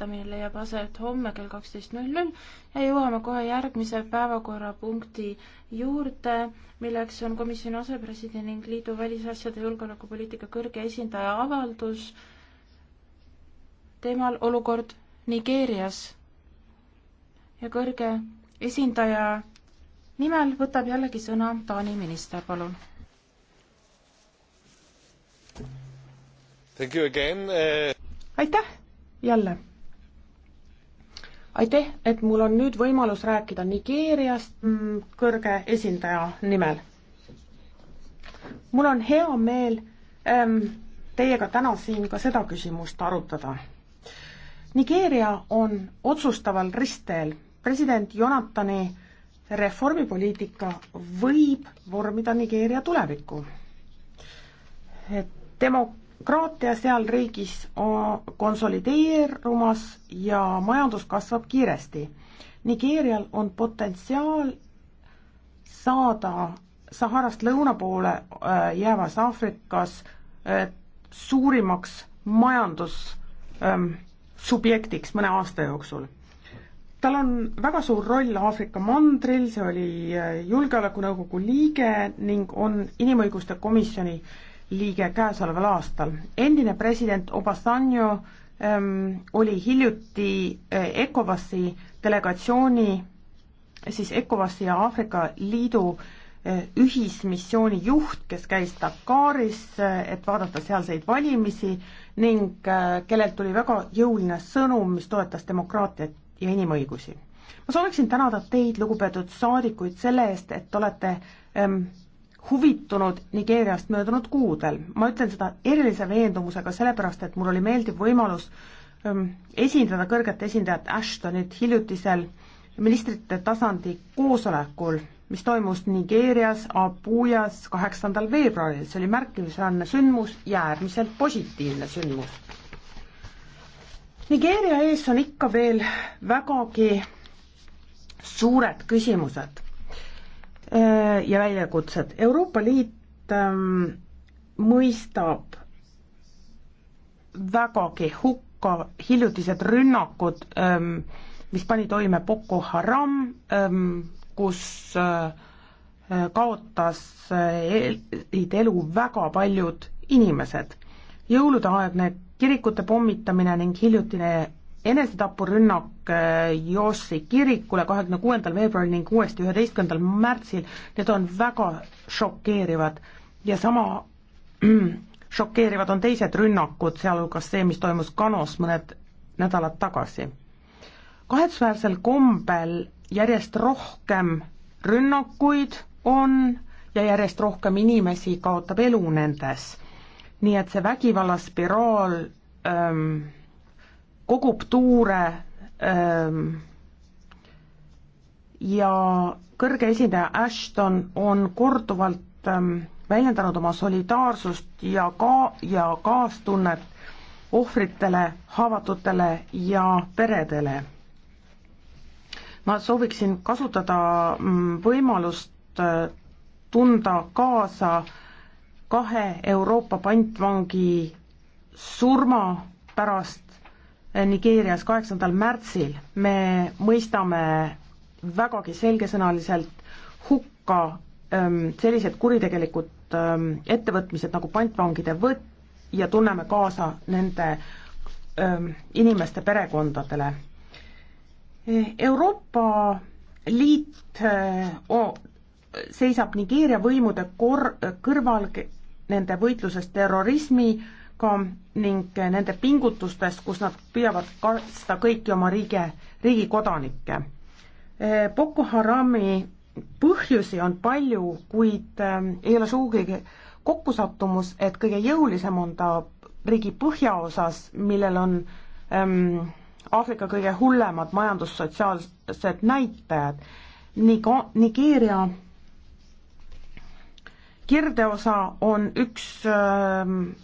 hääletamine leiab aset homme kell kaksteist null null ja jõuame kohe järgmise päevakorrapunkti juurde, milleks on komisjoni asepresidendi ning liidu välisasjade julgeolekupoliitika kõrge esindaja avaldus teemal olukord Nigeerias. ja kõrge esindaja nimel võtab jällegi sõna Taani minister, palun. Eh. aitäh jälle aitäh, et mul on nüüd võimalus rääkida Nigeeriast mm, kõrge esindaja nimel. mul on hea meel ähm, teiega täna siin ka seda küsimust arutada. Nigeeria on otsustaval ristteel, president Jonatani reformipoliitika võib vormida Nigeeria tulevikku. Demo-, demokraatia seal riigis konsolideerumas ja majandus kasvab kiiresti. Nigeerial on potentsiaal saada Saharast lõuna poole äh, jäävas Aafrikas äh, suurimaks majandussubjektiks ähm, mõne aasta jooksul. tal on väga suur roll Aafrika mandril, see oli äh, Julgeolekunõukogu liige ning on Inimõiguste Komisjoni äh, liige käesoleval aastal. endine president Obasanjo ähm, oli hiljuti äh, ECOWASi delegatsiooni, siis ECOWASi ja Aafrika Liidu äh, ühismissiooni juht, kes käis Dakaris äh,, et vaadata sealseid valimisi ning äh, kellelt tuli väga jõuline sõnum, mis toetas demokraatiat ja inimõigusi. ma sooviksin tänada teid, lugupeetud saadikuid, selle eest, et olete ähm, huvitunud Nigeeriast möödunud kuudel. ma ütlen seda erilise veendumusega, sellepärast et mul oli meeldiv võimalus ähm, esindada kõrget esindajat Ashtonit hiljutisel ministrite tasandi koosolekul, mis toimus Nigeerias Abujas kaheksandal veebruaril, see oli märkimisväärne sündmus ja äärmiselt positiivne sündmus. Nigeeria ees on ikka veel vägagi suured küsimused Äh, ja väljakutsed. Euroopa Liit ähm, mõistab vägagi hukka hiljutised rünnakud, ähm, mis pani toime Boko Haram, ähm, kus äh, äh, kaotasid elu väga paljud inimesed. jõulude aegne kirikute pommitamine ning hiljutine enesetapurünnak äh, Joossi kirikule kahekümne kuuendal veebruaril ning uuesti üheteistkümnendal märtsil, need on väga šokeerivad ja sama šokeerivad on teised rünnakud, sealhulgas see, mis toimus Kanos mõned nädalad tagasi. kahetsusväärsel kombel järjest rohkem rünnakuid on ja järjest rohkem inimesi kaotab elu nendes. nii et see vägivallaspiraal ähm, kogub tuure ähm, ja kõrge esindaja Ashton on korduvalt ähm, väljendanud oma solidaarsust ja ka- ja kaastunnet ohvritele, haavatutele ja peredele. ma sooviksin kasutada mm, võimalust äh, tunda kaasa kahe Euroopa pantvangi surma pärast Nigeerias kaheksandal märtsil, me mõistame vägagi selgesõnaliselt hukka ähm, sellised kuritegelikud ähm, ettevõtmised nagu pantvangide võtt ja tunneme kaasa nende ähm, inimeste perekondadele. Euroopa Liit äh, seisab Nigeeria võimude kor-, kõrval nende võitluses terrorismi äh, ka ning nende pingutustest, kus nad püüavad kaitsta kõiki oma riigi, riigi kodanikke. Boko Harami põhjusi on palju, kuid ähm, ei ole sugugi kokkusattumus, et kõige jõulisem on ta riigi põhjaosas, millel on ähm, Aafrika kõige hullemad majandussotsiaalsed näitajad. Nigeeria Kirdeosa on üks äh,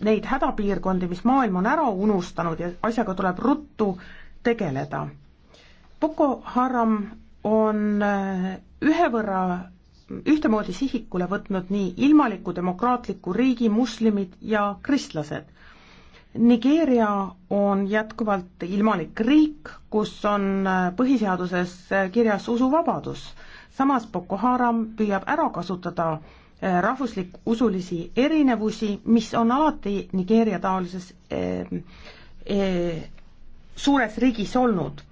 neid hädapiirkondi, mis maailm on ära unustanud ja asjaga tuleb ruttu tegeleda. Boko Haram on äh, ühe võrra ühtemoodi sihikule võtnud nii ilmaliku demokraatliku riigi muslimid ja kristlased. Nigeeria on jätkuvalt ilmalik riik, kus on äh, põhiseaduses äh, kirjas usuvabadus, samas Boko Haram püüab ära kasutada äh, Eh, rahvuslik-usulisi erinevusi, mis on alati Nigeeria taolises eh, eh, suures riigis olnud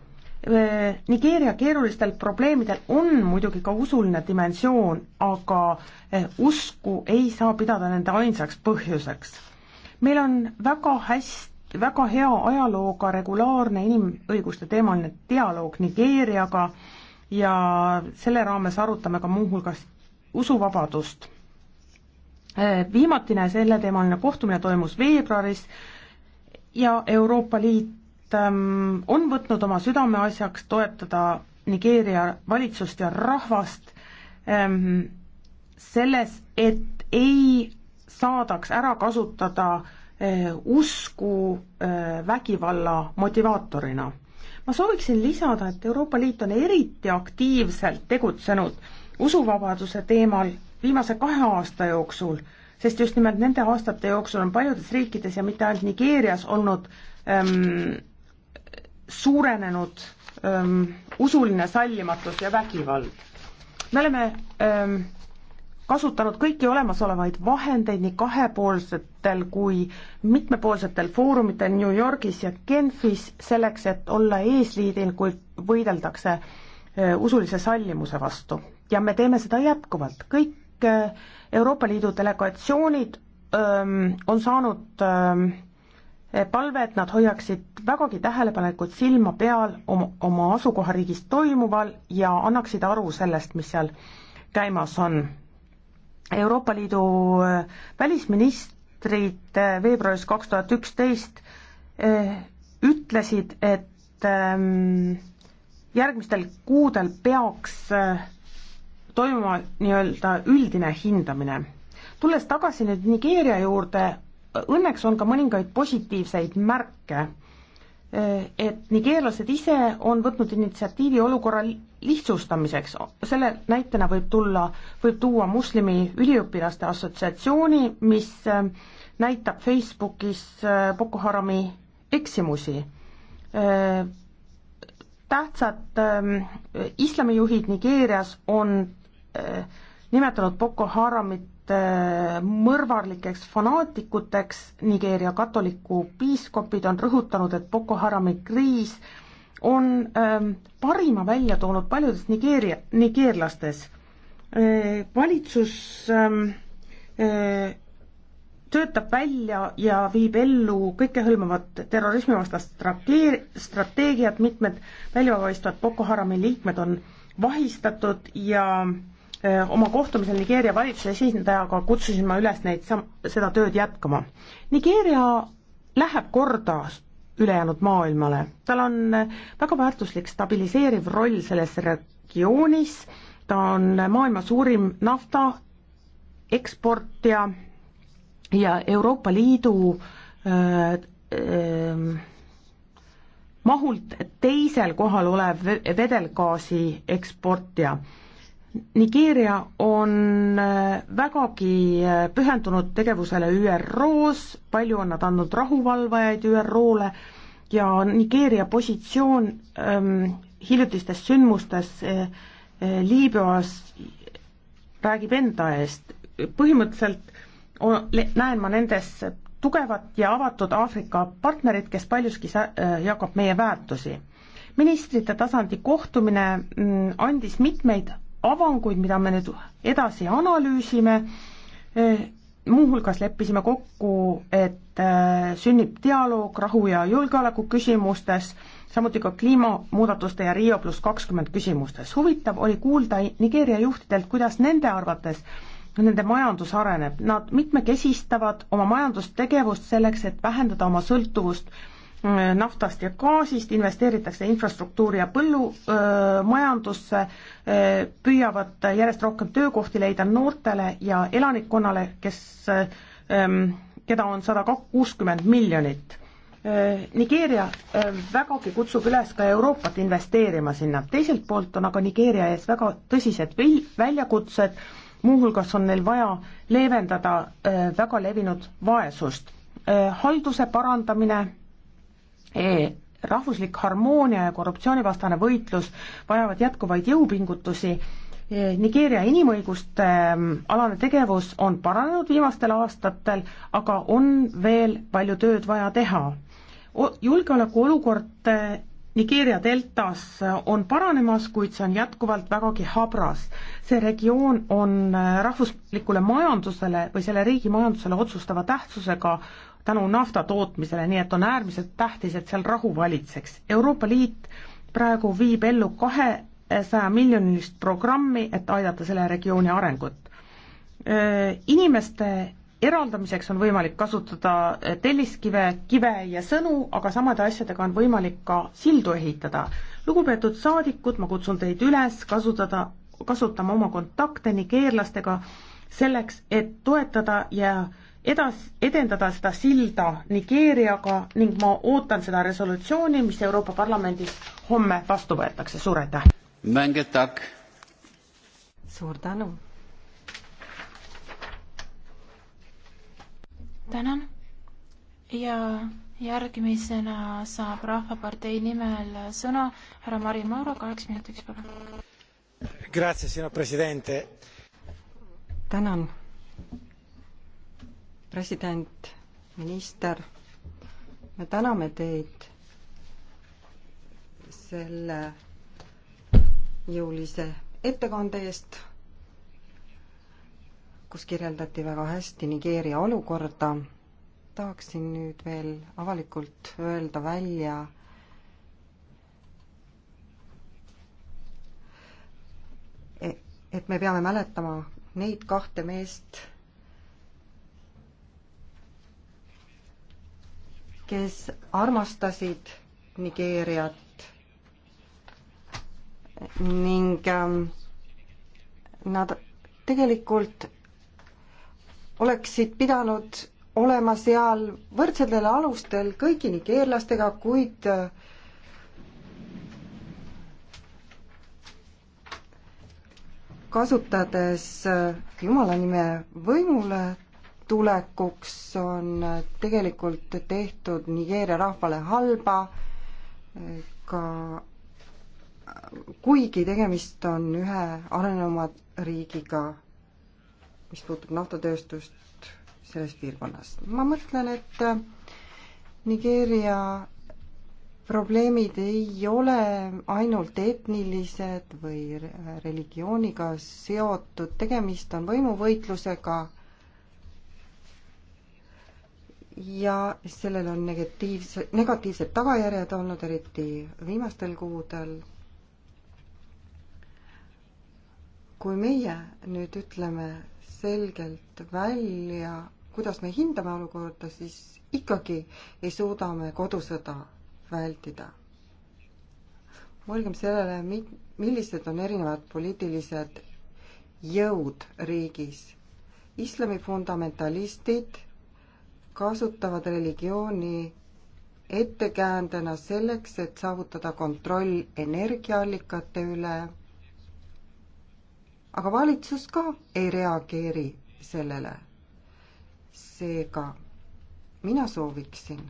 eh,. Nigeeria keerulistel probleemidel on muidugi ka usuline dimensioon, aga eh, usku ei saa pidada nende ainsaks põhjuseks. meil on väga hästi väga hea ajalooga regulaarne inimõiguste teemaline dialoog Nigeeriaga ja selle raames arutame ka muuhulgas usuvabadust. Äh, viimatine selleteemaline kohtumine toimus veebruaris ja Euroopa Liit ähm, on võtnud oma südameasjaks toetada Nigeeria valitsust ja rahvast ähm, selles, et ei saadaks ära kasutada äh, usku äh, vägivalla motivaatorina. ma sooviksin lisada, et Euroopa Liit on eriti aktiivselt tegutsenud usuvabaduse teemal viimase kahe aasta jooksul, sest just nimelt nende aastate jooksul on paljudes riikides ja mitte ainult Nigeerias olnud ähm, suurenenud ähm, usuline sallimatus ja vägivald. me oleme ähm, kasutanud kõiki olemasolevaid vahendeid nii kahepoolsetel kui mitmepoolsetel foorumitel New Yorgis ja Genfis selleks, et olla eesliidil, kui võideldakse äh, usulise sallimuse vastu ja me teeme seda jätkuvalt, kõik äh, Euroopa Liidu delegatsioonid öö, ähm, on saanud öö, ähm, palve, et nad hoiaksid vägagi tähelepanelikult silma peal oma, oma asukohariigis toimuval ja annaksid aru sellest, mis seal käimas on. Euroopa Liidu äh, välisministrid äh, veebruaris kaks tuhat üksteist ütlesid, et ähm, järgmistel kuudel peaks toimuma nii-öelda üldine hindamine. tulles tagasi nüüd Nigeeria juurde, õnneks on ka mõningaid positiivseid märke, et nigeerlased ise on võtnud initsiatiivi olukorra lihtsustamiseks, selle näitena võib tulla, võib tuua moslemi üliõpilaste assotsiatsiooni, mis näitab Facebookis äh, Boko Harami eksimusi äh, tähtsad ähm, islamijuhid Nigeerias on Äh, nimetanud Boko Haramit äh, mõrvarlikeks fanaatikuteks, Nigeeria katoliku piiskopid on rõhutanud, et Boko Harami kriis on ähm, parima välja toonud paljudes Nigeeria, nigeerlastes äh,. valitsus ähm, äh, töötab välja ja viib ellu kõikehõlmavat terrorismivastast strateegiat, mitmed väljapaistvad Boko Harami liikmed on vahistatud ja äh, Äh, oma kohtumisel Nigeeria valitsuse esindajaga kutsusin ma üles neid sam-, seda tööd jätkama. Nigeeria läheb korda ülejäänud maailmale, tal on äh, väga väärtuslik stabiliseeriv roll selles regioonis, ta on äh, maailma suurim nafta eksportija ja Euroopa Liidu öö, öö, mahult teisel kohal olev vedelgaasi eksportija Nigeeria on äh, vägagi äh, pühendunud tegevusele ÜRO-s, palju on nad andnud rahuvalvajaid ÜRO-le ja Nigeeria positsioon ähm, hiljutistes sündmustes äh, äh Liibüas räägib enda eest. põhimõtteliselt on, näen ma nendes tugevat ja avatud Aafrika partnerit, kes paljuski äh, jagab meie väärtusi. ministrite tasandi kohtumine mm, andis mitmeid avanguid, mida me nüüd edasi analüüsime, eh, muuhulgas leppisime kokku, et eh, sünnib dialoog rahu ja julgeoleku küsimustes, samuti ka kliimamuudatuste ja Rio pluss kakskümmend küsimustes. huvitav oli kuulda Nigeeria juhtidelt, kuidas nende arvates nende majandus areneb, nad mitmekesistavad oma majandustegevust selleks, et vähendada oma sõltuvust äh, naftast ja gaasist, investeeritakse infrastruktuuri ja põllumajandusse, püüavad järjest rohkem töökohti leida noortele ja elanikkonnale, kes, keda on sada kuuskümmend miljonit. Nigeeria vägagi kutsub üles ka Euroopat investeerima sinna, teiselt poolt on aga Nigeeria ees väga tõsised väljakutsed, muuhulgas on neil vaja leevendada väga levinud vaesust, halduse parandamine E. rahvuslik harmoonia ja korruptsioonivastane võitlus vajavad jätkuvaid jõupingutusi. E. Nigeeria inimõiguste ähm, alane tegevus on paranenud viimastel aastatel, aga on veel palju tööd vaja teha. julgeolekuolukord äh, Nigeeria deltas äh, on paranemas, kuid see on jätkuvalt vägagi habras. see regioon on äh, rahvuslikule majandusele või selle riigi majandusele otsustava tähtsusega tänu nafta tootmisele, nii et on äärmiselt tähtis, et seal rahu valitseks. Euroopa Liit praegu viib ellu kahesaja miljonilist programmi, et aidata selle regiooni arengut. Inimeste eraldamiseks on võimalik kasutada telliskive, kive ja sõnu, aga samade asjadega on võimalik ka sildu ehitada. lugupeetud saadikud, ma kutsun teid üles kasutada, kasutama oma kontakte nigeerlastega selleks, et toetada ja äh, edas, edendada seda silda Nigeeriaga ning ma ootan seda resolutsiooni, mis Euroopa Parlamendis homme vastu võetakse, suur aitäh! suur tänu! tänan ja järgmisena saab Rahvapartei nimel sõna härra Mari Mauro, kaheks minutiks palun. tänan president, minister, me täname teid selle jõulise ettekande eest, kus kirjeldati väga hästi Nigeeria olukorda. tahaksin nüüd veel avalikult öelda välja e-, et me peame mäletama neid kahte meest, kes armastasid Nigeeriat ning ähm, nad tegelikult oleksid pidanud olema seal võrdsetel alustel kõigi nigeerlastega, kuid äh, kasutades äh, Jumala nime võimule tulekuks on tegelikult tehtud Nigeeria rahvale halba, ka kuigi tegemist on ühe arenenuma riigiga, mis puutub naftatööstust selles piirkonnas. ma mõtlen, et Nigeeria probleemid ei ole ainult etnilised või religiooniga seotud, tegemist on võimuvõitlusega ja sellel on negatiivse, negatiivsed tagajärjed olnud, eriti viimastel kuudel. kui meie nüüd ütleme selgelt välja, kuidas me hindame olukorda, siis ikkagi ei suuda me kodusõda vältida. mõelgem sellele, millised on erinevad poliitilised jõud riigis. islami fundamentalistid kasutavad religiooni ettekäändena selleks, et saavutada kontroll energiaallikate üle. aga valitsus ka ei reageeri sellele. seega mina sooviksin,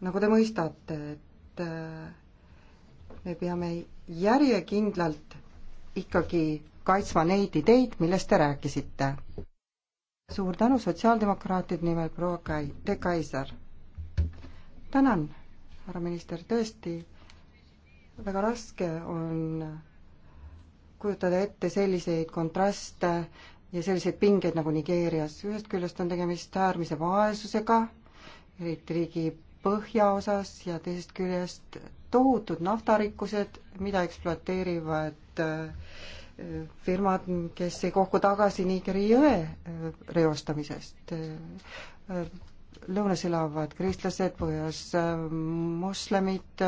nagu te mõistate, et äh, me peame järjekindlalt ikkagi kaitsma neid ideid, millest te rääkisite suur tänu sotsiaaldemokraatide nimel, proua Kai-, De Kaiser. tänan, härra minister, tõesti väga raske on kujutada ette selliseid kontraste ja selliseid pingeid nagu Nigeerias. ühest küljest on tegemist äärmise vaesusega, eriti riigi põhjaosas ja teisest küljest tohutud naftarikkused, mida ekspluateerivad äh, firmad, kes ei kohku tagasi Nigeri jõe äh, reostamisest. Äh, äh, lõunas elavad kristlased, põhjas moslemid,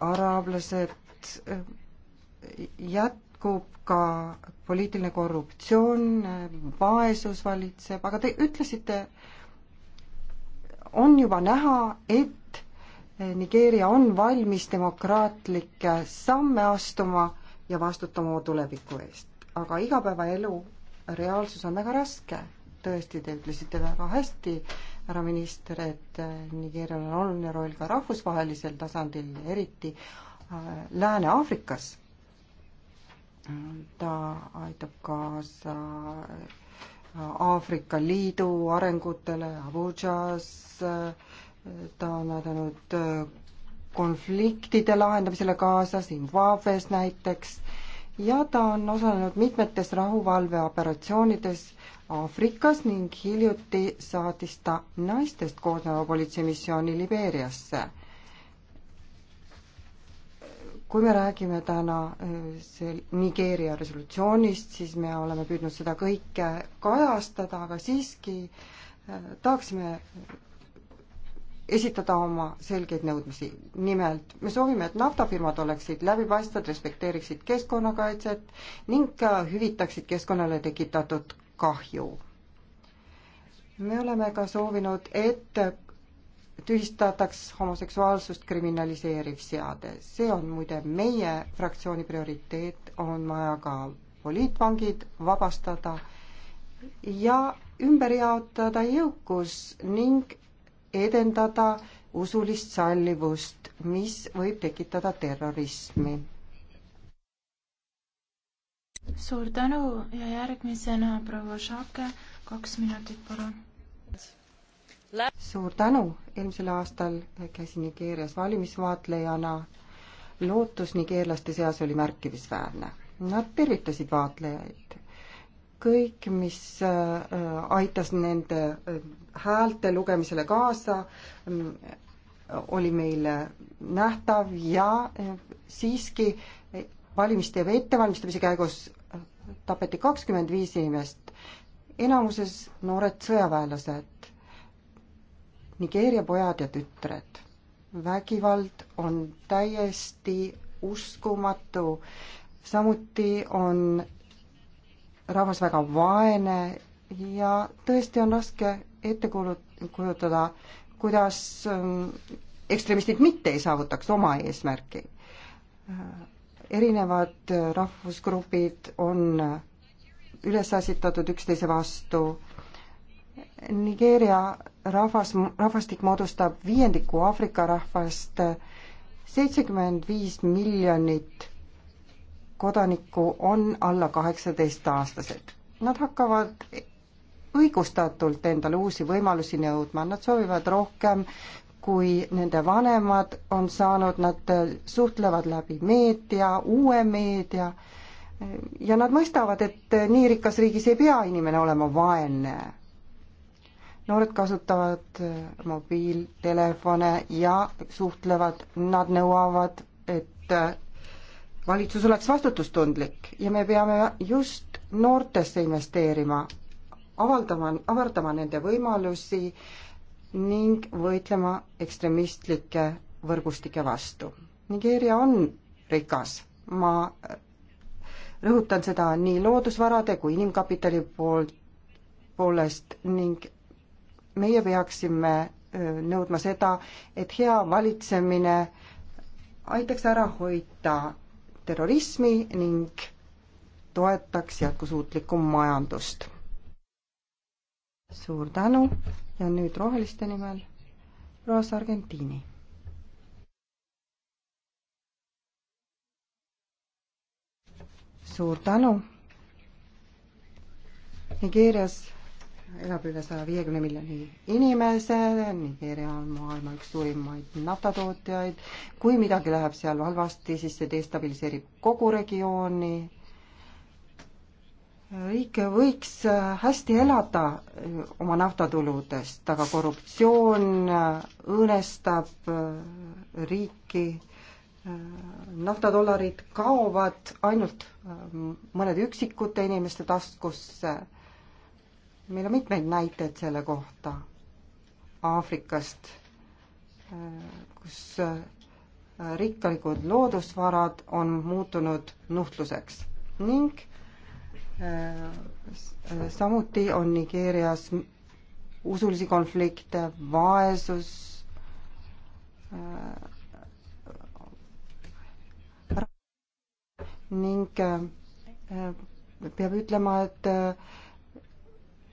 araablased, jätkub ka poliitiline korruptsioon, vaesus valitseb, aga te ütlesite, on juba näha, et Nigeeria on valmis demokraatlikke samme astuma ja vastutama oma tuleviku eest. aga igapäevaelu reaalsus on väga raske. tõesti, te ütlesite väga hästi, härra minister, et äh, Nigeerial on oluline roll ka rahvusvahelisel tasandil, eriti äh, Lääne-Aafrikas. ta aitab kaasa äh, Aafrika Liidu arengutele Abujas äh,, ta on aidanud äh, konfliktide lahendamisele kaasa Zimbabwe's näiteks ja ta on osalenud mitmetes rahuvalveoperatsioonides Aafrikas ning hiljuti saatis ta naistest koosneva politseimissiooni Libeeriasse. kui me räägime täna äh, see Nigeeria resolutsioonist, siis me oleme püüdnud seda kõike kajastada, aga siiski äh, tahaksime esitada oma selgeid nõudmisi. nimelt me soovime, et naftafirmad oleksid läbipaistvad, respekteeriksid keskkonnakaitset ning hüvitaksid keskkonnale tekitatud kahju. me oleme ka soovinud, et tühistataks homoseksuaalsust kriminaliseeriv seade. see on muide meie fraktsiooni prioriteet, on vaja ka poliitvangid vabastada ja ümber jaotada jõukus ning edendada usulist sallivust, mis võib tekitada terrorismi. suur tänu ja järgmisena proua Šake, kaks minutit, palun. suur tänu, eelmisel aastal käisin Nigeerias valimisvaatlejana. lootus nigeerlaste seas oli märkimisväärne. Nad tervitasid vaatlejaid, kõik, mis äh, aitas nende äh, häälte lugemisele kaasa, mm, oli meile nähtav ja äh, siiski valimiste ettevalmistamise käigus tapeti kakskümmend viis inimest, enamuses noored sõjaväelased, Nigeeria pojad ja tütred. vägivald on täiesti uskumatu. samuti on rahvas väga vaene ja tõesti on raske ette kujutada, kuidas ähm, ekstremistid mitte ei saavutaks oma eesmärki. Äh, erinevad äh, rahvusgrupid on äh, üles asitatud üksteise vastu. Nigeeria rahvas, rahvastik moodustab viiendiku Aafrika rahvast, seitsekümmend viis miljonit kodanikku on alla kaheksateistaastased. Nad hakkavad õigustatult endale uusi võimalusi nõudma, nad soovivad rohkem, kui nende vanemad on saanud, nad suhtlevad läbi meedia, uue meedia ja nad mõistavad, et nii rikas riigis ei pea inimene olema vaene. noored kasutavad mobiiltelefone ja suhtlevad, nad nõuavad, et valitsus oleks vastutustundlik ja me peame just noortesse investeerima, avaldama, avardama nende võimalusi ning võitlema ekstremistlike võrgustike vastu. Nigeeria on rikas, ma rõhutan seda nii loodusvarade kui inimkapitali poolt, poolest ning meie peaksime nõudma seda, et hea valitsemine aitaks ära hoida terrorismi ning toetaks jätkusuutlikku majandust. suur tänu ja nüüd roheliste nimel Rosa Argentiini. suur tänu. Nigeerias elab üle saja viiekümne miljoni inimese, Nigeeria on maailma üks suurimaid naftatootjaid. kui midagi läheb seal halvasti, siis see destabiliseerib kogu regiooni. riik võiks hästi elada oma naftatuludest, aga korruptsioon õõnestab riiki. naftadollarid kaovad ainult mõnede üksikute inimeste taskusse meil on mitmeid näiteid selle kohta Aafrikast, äh, kus äh, rikkalikud loodusvarad on muutunud nuhtluseks ning äh, samuti on Nigeerias usulisi konflikte, vaesus, ning peab ütlema, et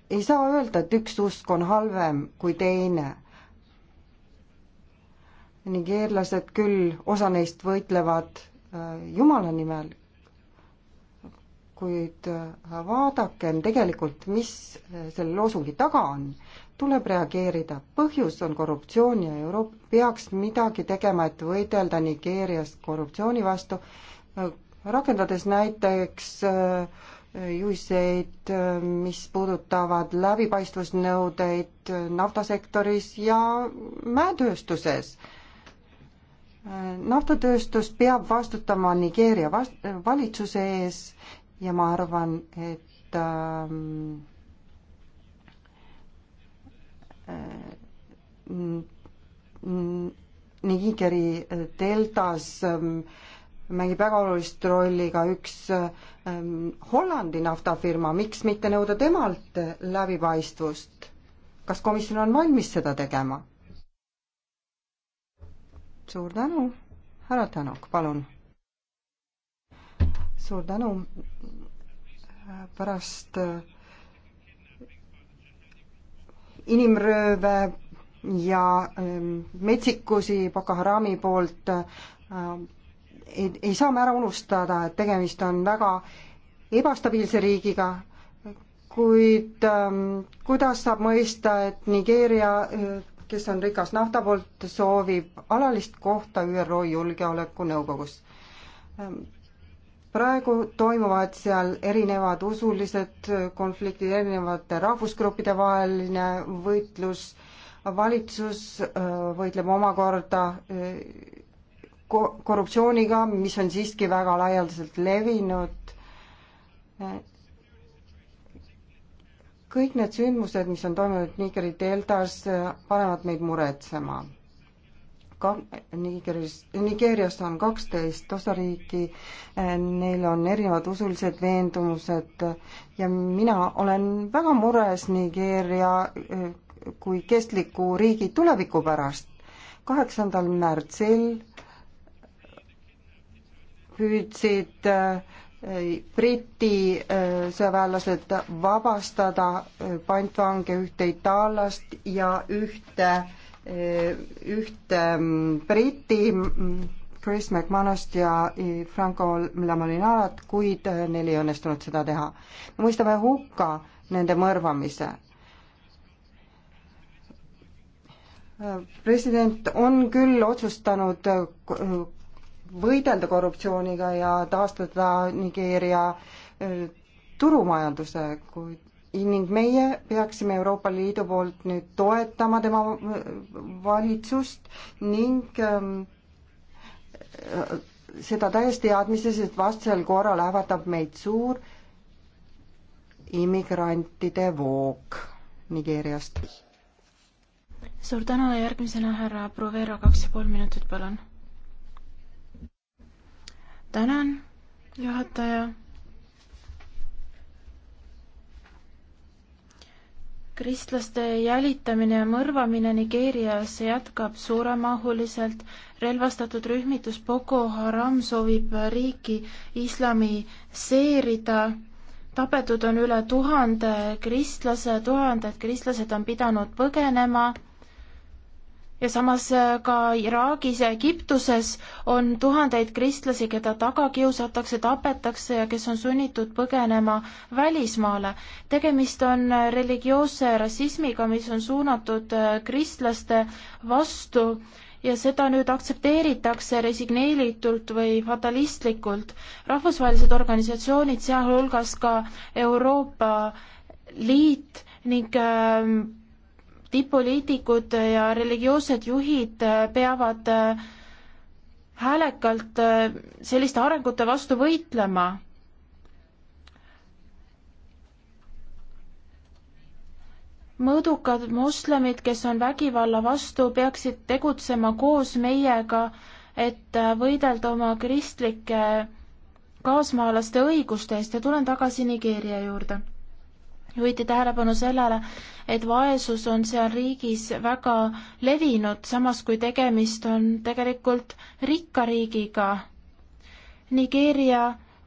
ei saa öelda, et üks usk on halvem kui teine. nigeerlased küll, osa neist võitlevad äh, Jumala nimel, kuid äh, vaadakem tegelikult, mis äh, selle loosungi taga on. tuleb reageerida, põhjus on korruptsioon ja Euroopa peaks midagi tegema, et võidelda Nigeerias korruptsiooni vastu, rakendades näiteks äh, juhiseid, mis puudutavad läbipaistvusnõudeid naftasektoris ja mäetööstuses. naftatööstus peab vastutama Nigeeria vast-, valitsuse ees ja ma arvan, et ähm, Nigeri deltas ähm, mängib väga olulist rolli ka üks ähm, Hollandi naftafirma, miks mitte nõuda temalt läbipaistvust? kas komisjon on valmis seda tegema? suur tänu, härra Tänuk, palun. suur tänu. pärast äh, inimrööve ja ähm, metsikusi Boko Harami poolt äh, ei, ei saa me ära unustada, et tegemist on väga ebastabiilse riigiga, kuid ähm, kuidas saab mõista, et Nigeeria, äh, kes on rikas nafta poolt, soovib alalist kohta ÜRO Julgeolekunõukogus ähm,? praegu toimuvad seal erinevad usulised äh, konfliktid, erinevate rahvusgruppide vaheline võitlus, valitsus äh, võitleb omakorda äh, korruptsiooniga, mis on siiski väga laialdaselt levinud. kõik need sündmused, mis on toimunud Nigeri deltas, panevad meid muretsema. ka Nigeris, Nigeerias on kaksteist osariiki, neil on erinevad usulised veendumused ja mina olen väga mures Nigeeria kui kestliku riigi tuleviku pärast. kaheksandal märtsil püüdsid äh, Briti äh, sõjaväelased vabastada äh, pantvange ühte itaallast ja ühte, ühte mm, Briti mm, Chris McManust ja Franco Lamolinarat, kuid neil ei õnnestunud seda teha. me mõistame hukka nende mõrvamise. president on küll otsustanud võidelda korruptsiooniga ja taastada Nigeeria äh, turumajanduse, kuid ning meie peaksime Euroopa Liidu poolt nüüd toetama tema äh, valitsust ning ähm, äh, seda täies teadmises, et vastasel korral ähvardab meid suur immigrantide voog Nigeeriast. suur tänu ja järgmisena härra Provera, kaks ja pool minutit, palun tänan, juhataja. kristlaste jälitamine ja mõrvamine Nigeerias jätkab suuremahuliselt. relvastatud rühmitus Boko Haram soovib riiki islamiseerida tapetud on üle tuhande kristlase, tuhanded kristlased on pidanud põgenema ja samas äh, ka Iraagis ja Egiptuses on tuhandeid kristlasi, keda taga kiusatakse, tapetakse ja kes on sunnitud põgenema välismaale. tegemist on äh, religioosse rassismiga, mis on suunatud äh, kristlaste vastu ja seda nüüd aktsepteeritakse resigneeritult või fatalistlikult. rahvusvahelised organisatsioonid, sealhulgas ka Euroopa Liit ning ähm, tipp-poliitikud ja religioossed juhid äh, peavad äh, häälekalt äh, selliste arengute vastu võitlema. mõõdukad moslemid, kes on vägivalla vastu, peaksid tegutsema koos meiega, et võidelda oma kristlike kaasmaalaste õiguste eest ja tulen tagasi Nigeeria juurde juhiti tähelepanu sellele, et vaesus on seal riigis väga levinud, samas kui tegemist on tegelikult rikka riigiga. Nigeeria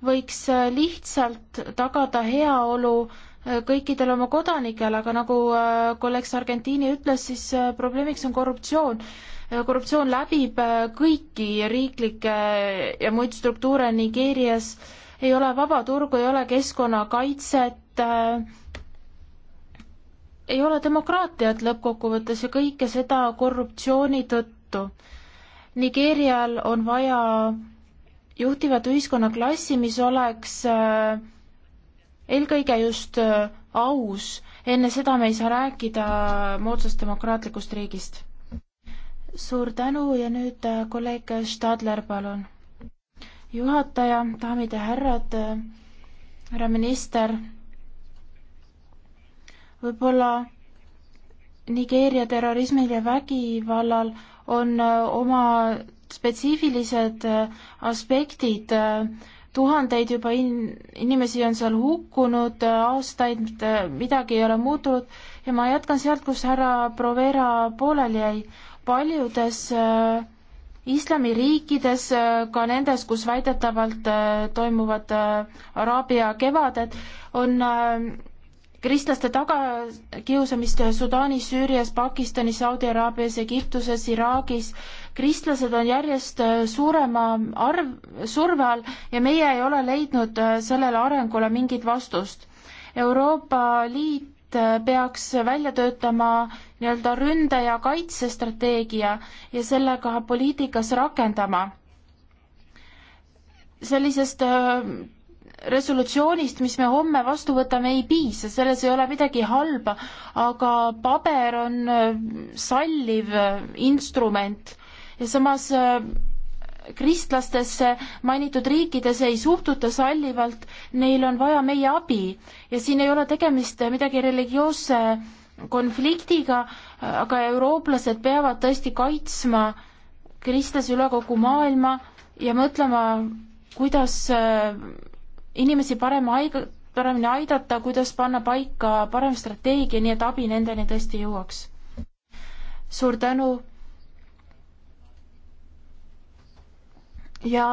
võiks lihtsalt tagada heaolu äh, kõikidele oma kodanikele, aga nagu äh, kolleeg Sargentini ütles, siis äh, probleemiks on korruptsioon. korruptsioon läbib kõiki riiklikke ja muid struktuure Nigeerias, ei ole vaba turgu, ei ole keskkonnakaitset, ei ole demokraatiat lõppkokkuvõttes ja kõike seda korruptsiooni tõttu. Nigeerial on vaja juhtivat ühiskonnaklassi, mis oleks äh, eelkõige just äh, aus, enne seda me ei saa rääkida moodsast demokraatlikust riigist. suur tänu ja nüüd äh, kolleeg Stadler, palun. juhataja, daamid ja härrad, härra minister võib-olla Nigeeria terrorismil ja vägivallal on äh, oma spetsiifilised äh, aspektid. Äh, tuhandeid juba in-, inimesi on seal hukkunud, aastaid midagi ei ole muutunud ja ma jätkan sealt, kus härra Provera pooleli jäi. paljudes islamiriikides, ka nendes, kus väidetavalt toimuvad Araabia kevaded, on kristlaste tagakiusamist Sudaanis, Süürias, Pakistanis, Saudi Araabias, Egiptuses, Iraagis. kristlased on järjest suurema arv, surve all ja meie ei ole leidnud sellele arengule mingit vastust. Euroopa Liit peaks välja töötama nii-öelda ründe- ja kaitsestrateegia ja selle ka poliitikas rakendama. sellisest resolutsioonist, mis me homme vastu võtame, ei piisa, selles ei ole midagi halba, aga paber on äh, salliv äh, instrument ja samas äh, kristlastesse mainitud riikides ei suhtuta sallivalt, neil on vaja meie abi ja siin ei ole tegemist midagi religioosse konfliktiga, aga eurooplased peavad tõesti kaitsma kristlasi üle kogu maailma ja mõtlema, kuidas inimesi parem aig-, paremini aidata, kuidas panna paika parem strateegia, nii et abi nendeni tõesti jõuaks. suur tänu. ja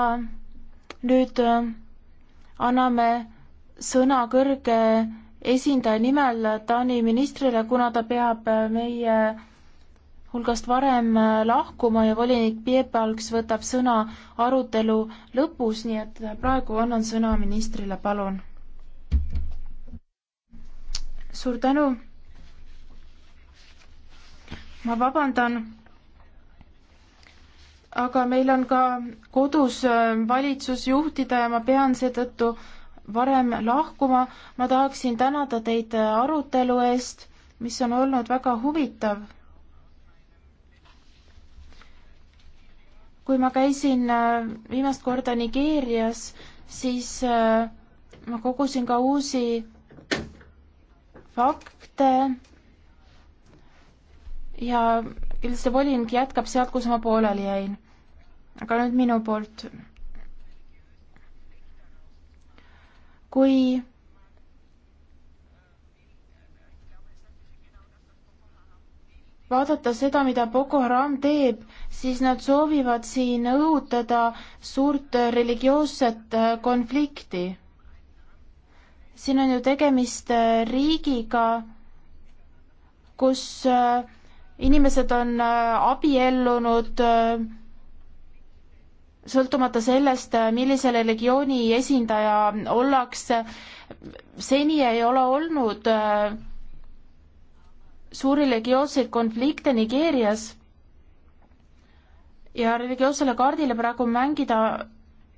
nüüd äh, anname sõna kõrge esindaja nimel Taani ministrile, kuna ta peab äh, meie hulgast varem äh, lahkuma ja volinik Piebalgs võtab sõna arutelu lõpus, nii et äh, praegu annan sõna ministrile, palun. suur tänu. ma vabandan. aga meil on ka kodus äh, valitsusjuhtida ja ma pean seetõttu varem lahkuma. ma tahaksin tänada teid arutelu eest, mis on olnud väga huvitav kui ma käisin äh, viimast korda Nigeerias, siis äh, ma kogusin ka uusi fakte ja kindlasti volinik jätkab sealt, kus ma pooleli jäin. aga nüüd minu poolt. kui vaadata seda, mida Boko Haram teeb, siis nad soovivad siin õhutada suurt religioosset äh, konflikti. siin on ju tegemist äh, riigiga, kus äh, inimesed on abiellunud sõltumata sellest, millise religiooni esindaja ollakse, seni ei ole olnud äh, suuri religioosseid konflikte Nigeerias ja religioossele kaardile praegu mängida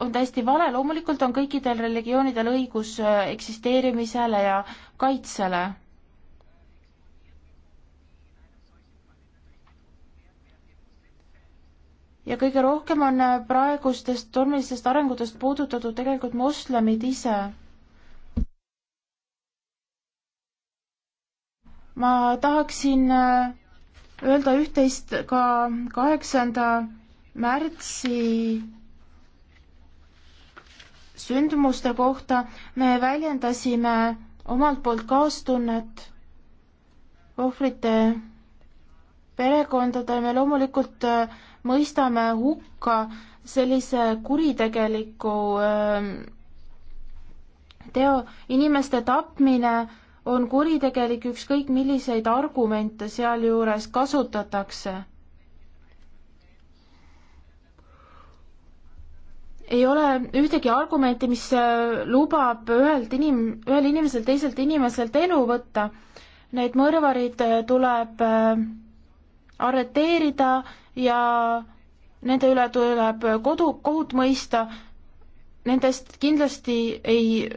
on täiesti vale, loomulikult on kõikidel religioonidel õigus äh, eksisteerimisele ja kaitsele. ja kõige rohkem on äh, praegustest tormilistest arengutest puudutatud tegelikult moslemid ise ma tahaksin äh, öelda üht-teist ka kaheksanda märtsi sündmuste kohta. me väljendasime omalt poolt kaastunnet ohvrite perekondadele, me loomulikult äh, mõistame hukka sellise kuritegeliku ähm, teo, inimeste tapmine on kuritegelik, ükskõik milliseid argumente sealjuures kasutatakse. ei ole ühtegi argumenti, mis lubab ühelt inim-, ühel inimesel teiselt inimeselt elu võtta. Need mõrvarid tuleb äh, arreteerida ja nende üle tuleb kodu, kohut mõista, nendest kindlasti ei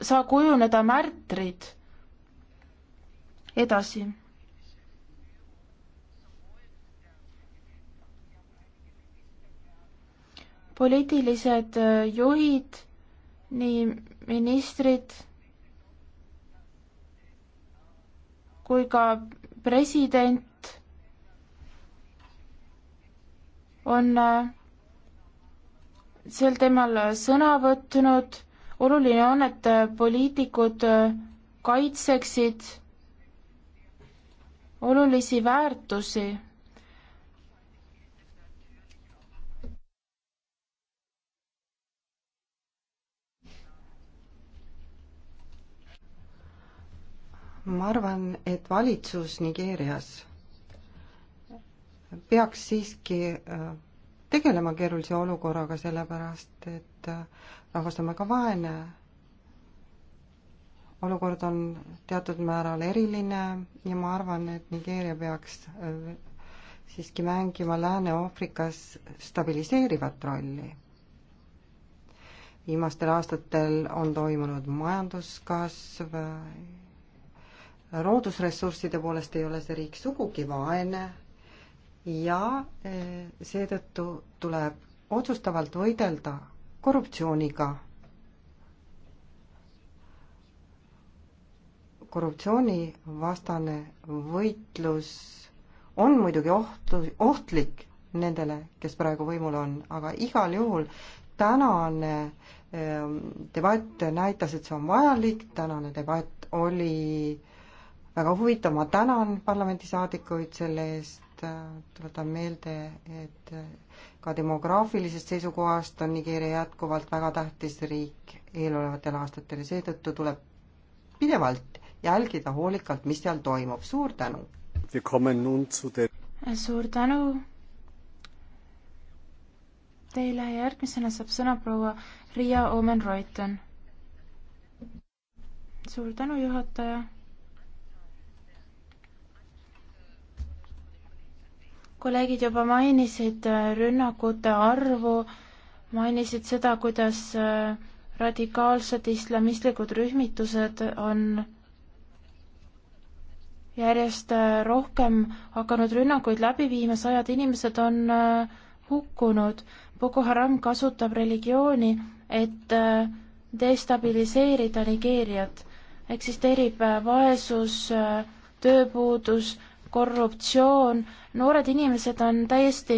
saa kujuneda märtrid edasi. poliitilised äh, juhid, nii ministrid kui ka president on äh, sel teemal äh, sõna võtnud. oluline on, et poliitikud kaitseksid olulisi väärtusi. ma arvan, et valitsus Nigeerias peaks siiski äh, tegelema keerulise olukorraga, sellepärast et äh, rahvas on väga vaene olukord on teatud määral eriline ja ma arvan, et Nigeeria peaks äh, siiski mängima Lääne-Aafrikas stabiliseerivat rolli. viimastel aastatel on toimunud majanduskasv, loodusressursside poolest ei ole see riik sugugi vaene ja äh, seetõttu tuleb otsustavalt võidelda korruptsiooniga korruptsioonivastane võitlus on muidugi ohtu, ohtlik nendele, kes praegu võimul on, aga igal juhul tänane ehm, debatt näitas, et see on vajalik, tänane debatt oli väga huvitav, ma tänan parlamendisaadikuid selle eest, tuletan meelde, et ka demograafilisest seisukohast on Nigeeria jätkuvalt väga tähtis riik eelolevatel aastatel ja seetõttu tuleb pidevalt jälgida hoolikalt, mis seal toimub, suur tänu! suur tänu teile ja järgmisena saab sõna proua Riia Omen-Reuten. suur tänu, juhataja! kolleegid juba mainisid äh, rünnakute arvu, mainisid seda, kuidas äh, radikaalsed islamistlikud rühmitused on järjest äh, rohkem hakanud rünnakuid läbi viima, sajad inimesed on äh, hukkunud. Boko Haram kasutab religiooni, et äh, destabiliseerida Nigeeriat. eksisteerib vaesus, tööpuudus, korruptsioon, noored inimesed on täiesti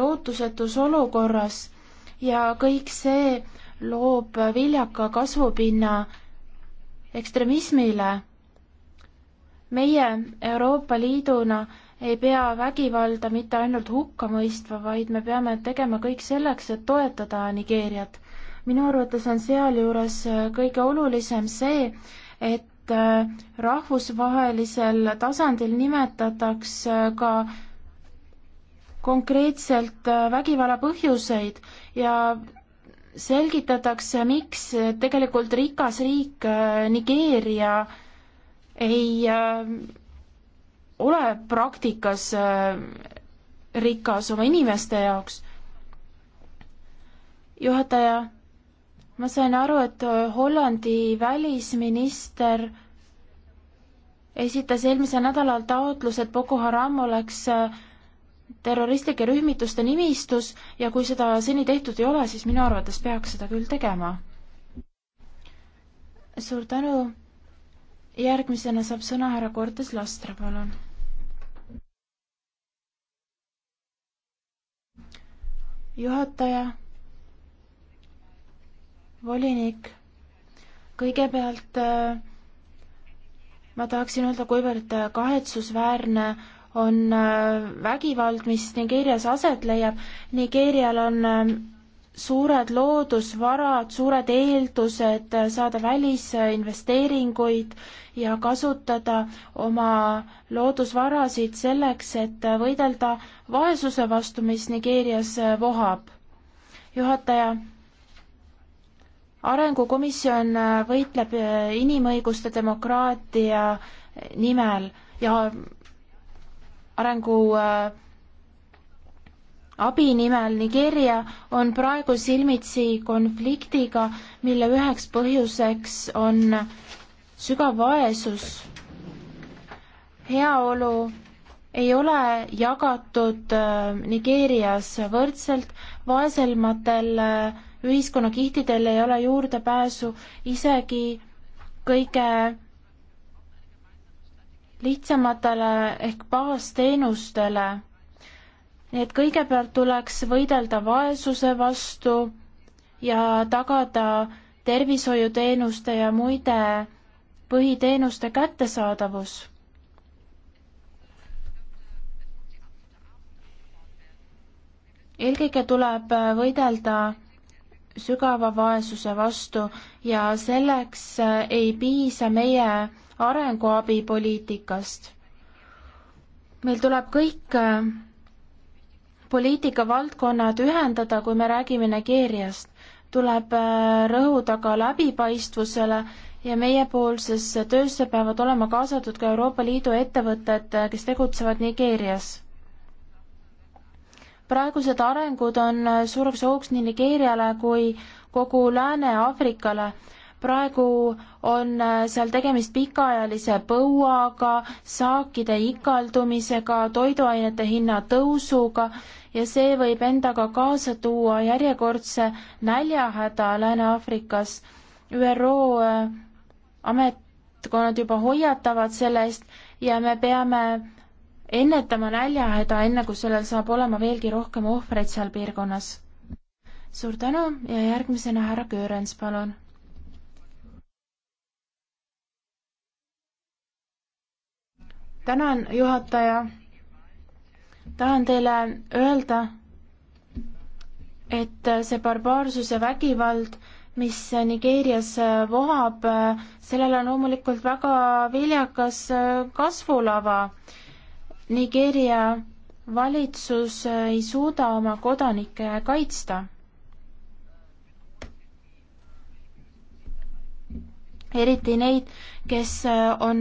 lootusetus olukorras ja kõik see loob viljaka kasvupinna ekstremismile meie Euroopa Liiduna ei pea vägivalda mitte ainult hukka mõistma, vaid me peame tegema kõik selleks, et toetada Nigeeriat. minu arvates on sealjuures äh, kõige olulisem see, et äh, rahvusvahelisel tasandil nimetataks äh, ka konkreetselt vägivalla põhjuseid ja selgitatakse, miks tegelikult rikas riik Nigeeria äh, ei äh, ole praktikas äh, rikas oma inimeste jaoks. juhataja, ma sain aru, et äh, Hollandi välisminister esitas eelmisel nädalal taotluse, et Boko Haram oleks äh, terroristlike rühmituste nimistus ja kui seda seni tehtud ei ole, siis minu arvates peaks seda küll tegema. suur tänu järgmisena saab sõna härra Cortes Lastra, palun. juhataja, volinik, kõigepealt äh, ma tahaksin öelda, kuivõrd äh, kahetsusväärne on äh, vägivald, mis Nigeerias aset leiab. Nigeerial on suured loodusvarad, suured eeldused saada välisinvesteeringuid ja kasutada oma loodusvarasid selleks, et võidelda vaesuse vastu, mis Nigeerias vohab. juhataja, arengukomisjon võitleb inimõiguste demokraatia nimel ja arengu äh, abi nimel Nigeeria on praegu silmitsi konfliktiga, mille üheks põhjuseks on sügav vaesus. heaolu ei ole jagatud äh, Nigeerias võrdselt, vaesematel äh, ühiskonnakihtidel ei ole juurdepääsu isegi kõige lihtsamatele ehk baasteenustele nii et kõigepealt tuleks võidelda vaesuse vastu ja tagada tervishoiuteenuste ja muide põhiteenuste kättesaadavus. eelkõige tuleb võidelda sügava vaesuse vastu ja selleks ei piisa meie arenguabipoliitikast. meil tuleb kõik poliitikavaldkonnad ühendada, kui me räägime Nigeeriast. tuleb äh, rõhuda ka läbipaistvusele ja meiepoolsesse töösse peavad olema kaasatud ka Euroopa Liidu ettevõtted, äh, kes tegutsevad Nigeerias. praegused arengud on äh, suureks hoogs nii Nigeeriale kui kogu Lääne-Aafrikale praegu on seal tegemist pikaajalise põuaga, saakide ikaldumisega, toiduainete hinna tõusuga ja see võib endaga kaasa tuua järjekordse näljahäda Lääne-Aafrikas. ÜRO äh, ametkonnad juba hoiatavad selle eest ja me peame ennetama näljahäda, enne kui sellel saab olema veelgi rohkem ohvreid seal piirkonnas. suur tänu ja järgmisena härra Köörens, palun tänan, juhataja tahan teile öelda, et see barbaarsus ja vägivald, mis Nigeerias vohab, sellel on loomulikult väga viljakas kasvulava. Nigeeria valitsus ei suuda oma kodanikke kaitsta. eriti neid, kes on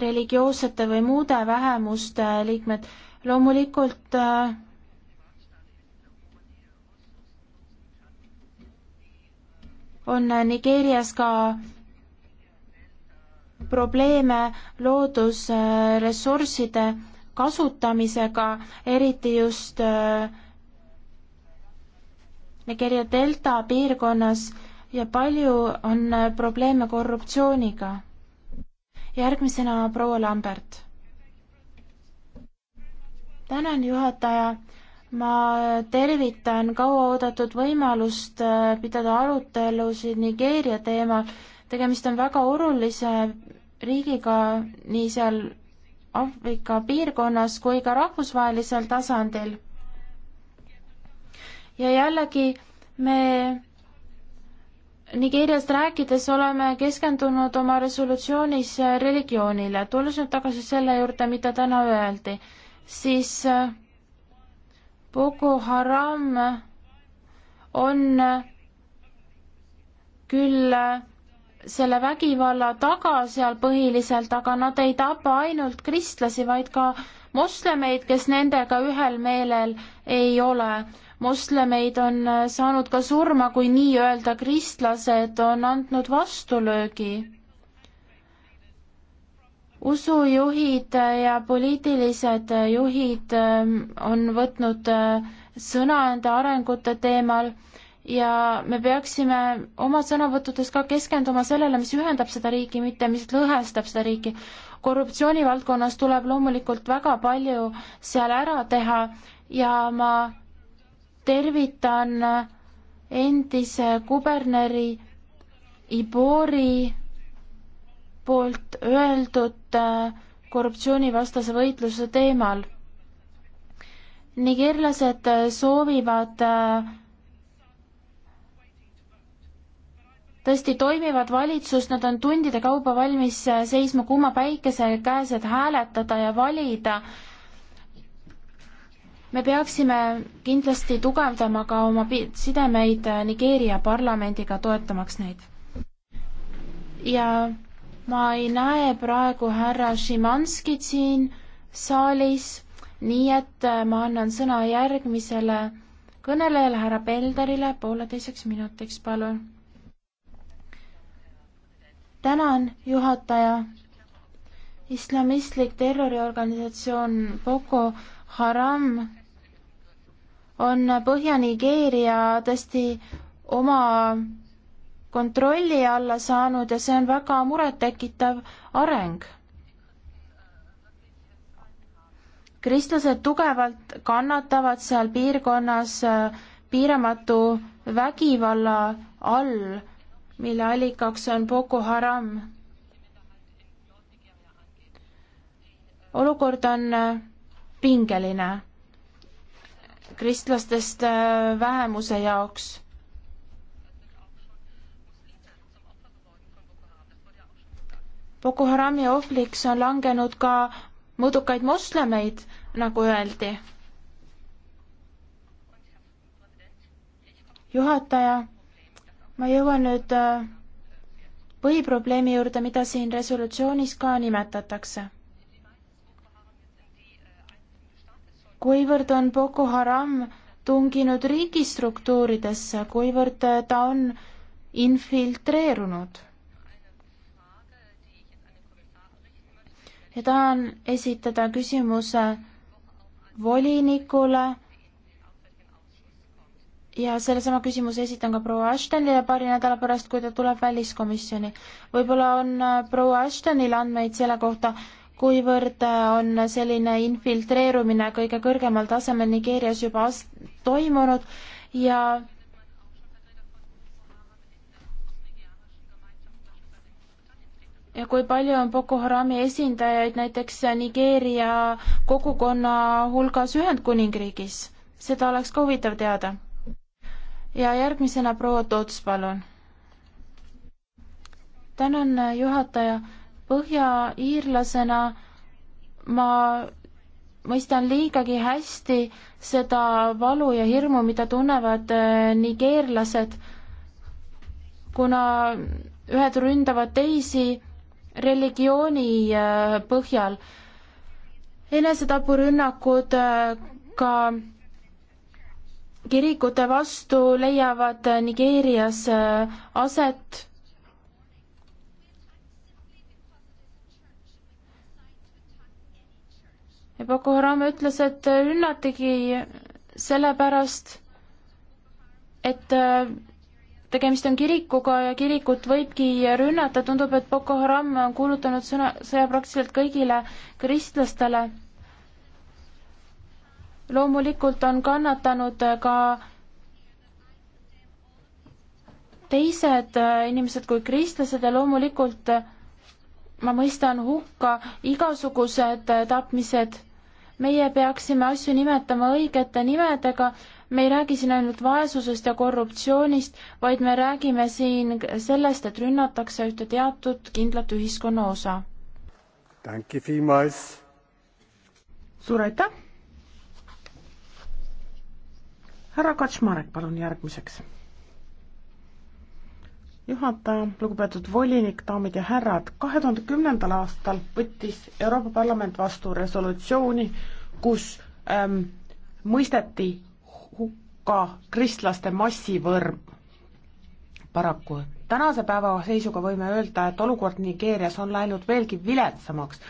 religioossete või muude vähemuste liikmed loomulikult äh, on äh, Nigeerias ka probleeme loodusressursside äh, kasutamisega, eriti just Nigeeria delta piirkonnas ja palju on probleeme korruptsiooniga. järgmisena proua Lambert tänan, juhataja. ma tervitan kauaoodatud võimalust äh, pidada arutelusid Nigeeria teemal. tegemist on väga olulise riigiga nii seal Aafrika piirkonnas kui ka rahvusvahelisel tasandil. ja jällegi me Nigeeriast rääkides oleme keskendunud oma resolutsioonis religioonile. tulles nüüd tagasi selle juurde, mida täna öeldi, siis äh, Boko Haram on äh, küll äh, selle vägivalla taga seal põhiliselt, aga nad ei tapa ainult kristlasi, vaid ka moslemeid, kes nendega ühel meelel ei ole. moslemeid on saanud ka surma, kui nii-öelda kristlased on andnud vastulöögi usujuhid ja poliitilised juhid ähm, on võtnud äh, sõna enda arengute teemal ja me peaksime oma sõnavõttudes ka keskenduma sellele, mis ühendab seda riiki, mitte mis lõhestab seda riiki. korruptsiooni valdkonnas tuleb loomulikult väga palju seal ära teha ja ma tervitan äh, endise kuberneri Ibori poolt öeldut, korruptsioonivastase võitluse teemal. nigerlased soovivad äh, tõesti toimivat valitsust, nad on tundide kaupa valmis äh, seisma kuuma päikese käes, et hääletada ja valida. me peaksime kindlasti tugevdama ka oma sidemeid äh, Nigeeria parlamendiga, toetamaks neid. ja ma ei näe praegu härra Šimanskit siin saalis, nii et äh, ma annan sõna järgmisele kõnelejale, härra Pelderile, pooleteiseks minutiks, palun. tänan, juhataja. islamistlik terroriorganisatsioon Boko Haram on Põhja-Nigeeria tõesti oma kontrolli alla saanud ja see on väga murettekitav areng. kristlased tugevalt kannatavad seal piirkonnas äh, piiramatu vägivalla all, mille allikaks on Boko Haram. olukord on äh, pingeline kristlastest äh, vähemuse jaoks Boko Harami ohvriks on langenud ka mõõdukaid moslemeid, nagu öeldi. juhataja, ma jõuan nüüd äh, põhiprobleemi juurde, mida siin resolutsioonis ka nimetatakse. kuivõrd on Boko Haram tunginud riigistruktuuridesse, kuivõrd äh, ta on infiltreerunud ja tahan esitada küsimuse volinikule ja sellesama küsimuse esitan ka proua Ashtonile paari nädala pärast, kui ta tuleb väliskomisjoni. võib-olla on äh, proua Ashtonil andmeid selle kohta, kuivõrd äh, on selline infiltreerumine kõige kõrgemal tasemel Nigeerias juba toimunud ja ja kui palju on Boko Harami esindajaid näiteks Nigeeria kogukonna hulgas Ühendkuningriigis? seda oleks ka huvitav teada. ja järgmisena proua Toots, palun. tänan, juhataja. põhjaiirlasena ma mõistan liigagi hästi seda valu ja hirmu, mida tunnevad äh, nigeerlased, kuna ühed ründavad teisi religiooni äh, põhjal. enesetapurünnakud äh, ka kirikute vastu leiavad äh, Nigeerias aset. ja Boko Haram ütles, et rünnatigi sellepärast, et tegemist on kirikuga ja kirikut võibki rünnata, tundub, et Boko Haram on kuulutanud sõna, sõja praktiliselt kõigile kristlastele. loomulikult on kannatanud ka teised inimesed kui kristlased ja loomulikult ma mõistan hukka igasugused tapmised meie peaksime asju nimetama õigete nimedega, me ei räägi siin ainult vaesusest ja korruptsioonist, vaid me räägime siin sellest, et rünnatakse ühte teatud kindlat ühiskonna osa. suur aitäh! härra Kaczmarek, palun järgmiseks juhataja, lugupeetud volinik, daamid ja härrad, kahe tuhande kümnendal aastal võttis Euroopa Parlament vastu resolutsiooni, kus ähm, mõisteti hukka kristlaste massivõrm. paraku tänase päeva seisuga võime öelda, et olukord Nigeerias on läinud veelgi viletsamaks.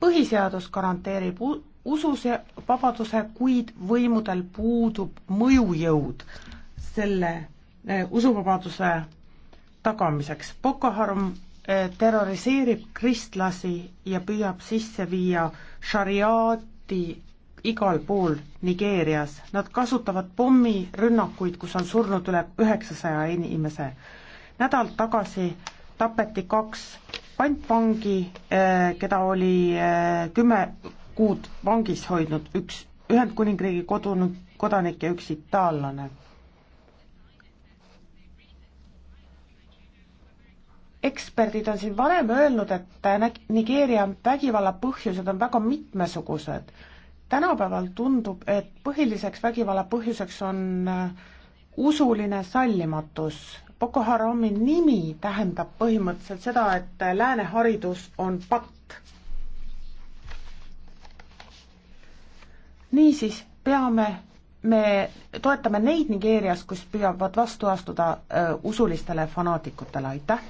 põhiseadus garanteerib ususe vabaduse, kuid võimudel puudub mõjujõud selle äh, usuvabaduse tagamiseks. Boko Haram eh, terroriseerib kristlasi ja püüab sisse viia šariaati igal pool Nigeerias. Nad kasutavad pommirünnakuid, kus on surnud üle üheksasaja inimese. nädal tagasi tapeti kaks pantvangi, eh, keda oli eh, kümme kuud vangis hoidnud üks Ühendkuningriigi kodunud kodanik ja üks itaallane eksperdid on siin varem öelnud, et Nigeeria vägivalla põhjused on väga mitmesugused. tänapäeval tundub, et põhiliseks vägivalla põhjuseks on äh, usuline sallimatus. Boko Harami nimi tähendab põhimõtteliselt seda, et äh, lääne haridus on patt. niisiis peame me toetame neid Nigeerias, kus püüavad vastu astuda öö, äh, usulistele fanaatikutele, aitäh!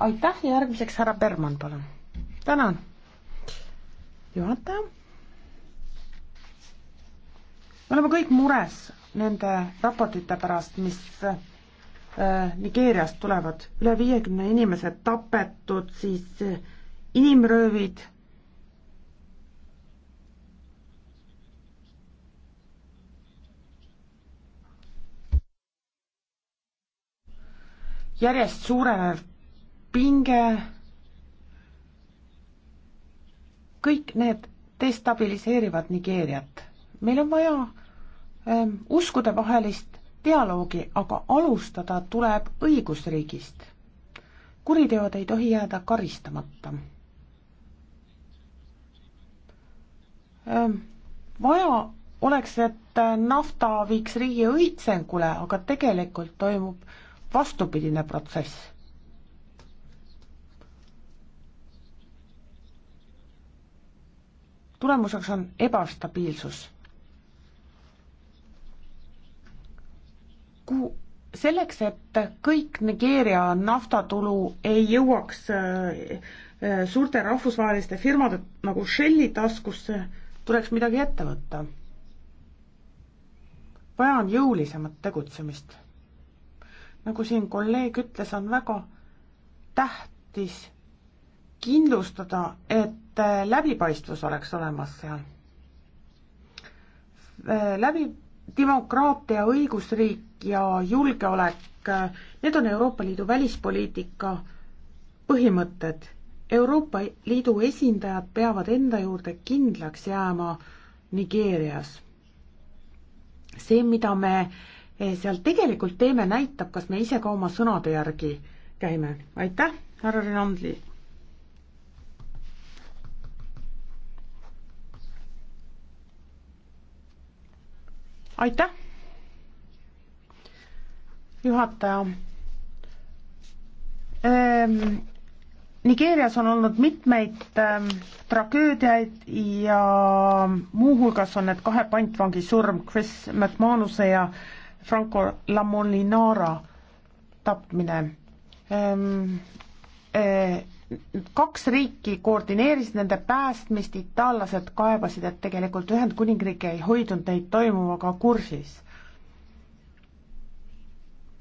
aitäh ja järgmiseks härra Berman, palun. tänan, juhataja. me oleme kõik mures nende raportite pärast, mis äh, Nigeeriast tulevad, üle viiekümne inimese tapetud, siis äh, inimröövid. järjest suurenev pinge, kõik need destabiliseerivad Nigeeriat. meil on vaja ähm, uskudevahelist dialoogi, aga alustada tuleb õigusriigist. kuriteod ei tohi jääda karistamata ähm,. vaja oleks, et nafta viiks riigi õitsengule, aga tegelikult toimub vastupidine protsess tulemuseks on ebastabiilsus. kuhu, selleks, et kõik Nigeeria naftatulu ei jõuaks äh, äh, suurte rahvusvaheliste firmade nagu Shelli taskusse, tuleks midagi ette võtta. vaja on jõulisemat tegutsemist. nagu siin kolleeg ütles, on väga tähtis kindlustada, et äh, läbipaistvus oleks olemas seal. Äh, läbi demokraatia, õigusriik ja julgeolek, äh, need on Euroopa Liidu välispoliitika põhimõtted. Euroopa Liidu esindajad peavad enda juurde kindlaks jääma Nigeerias. see, mida me eh, seal tegelikult teeme, näitab, kas me ise ka oma sõnade järgi käime. aitäh, härra Renandli! aitäh, juhataja ähm,. Nigeerias on olnud mitmeid ähm, tragöödiaid ja muuhulgas on need kahe pantvangi surm, Chris McManuse ja Franco Lamolinara tapmine ähm,. Äh, kaks riiki koordineerisid nende päästmist, itaallased kaebasid, et tegelikult Ühendkuningriik ei hoidnud neid toimuvaga kursis.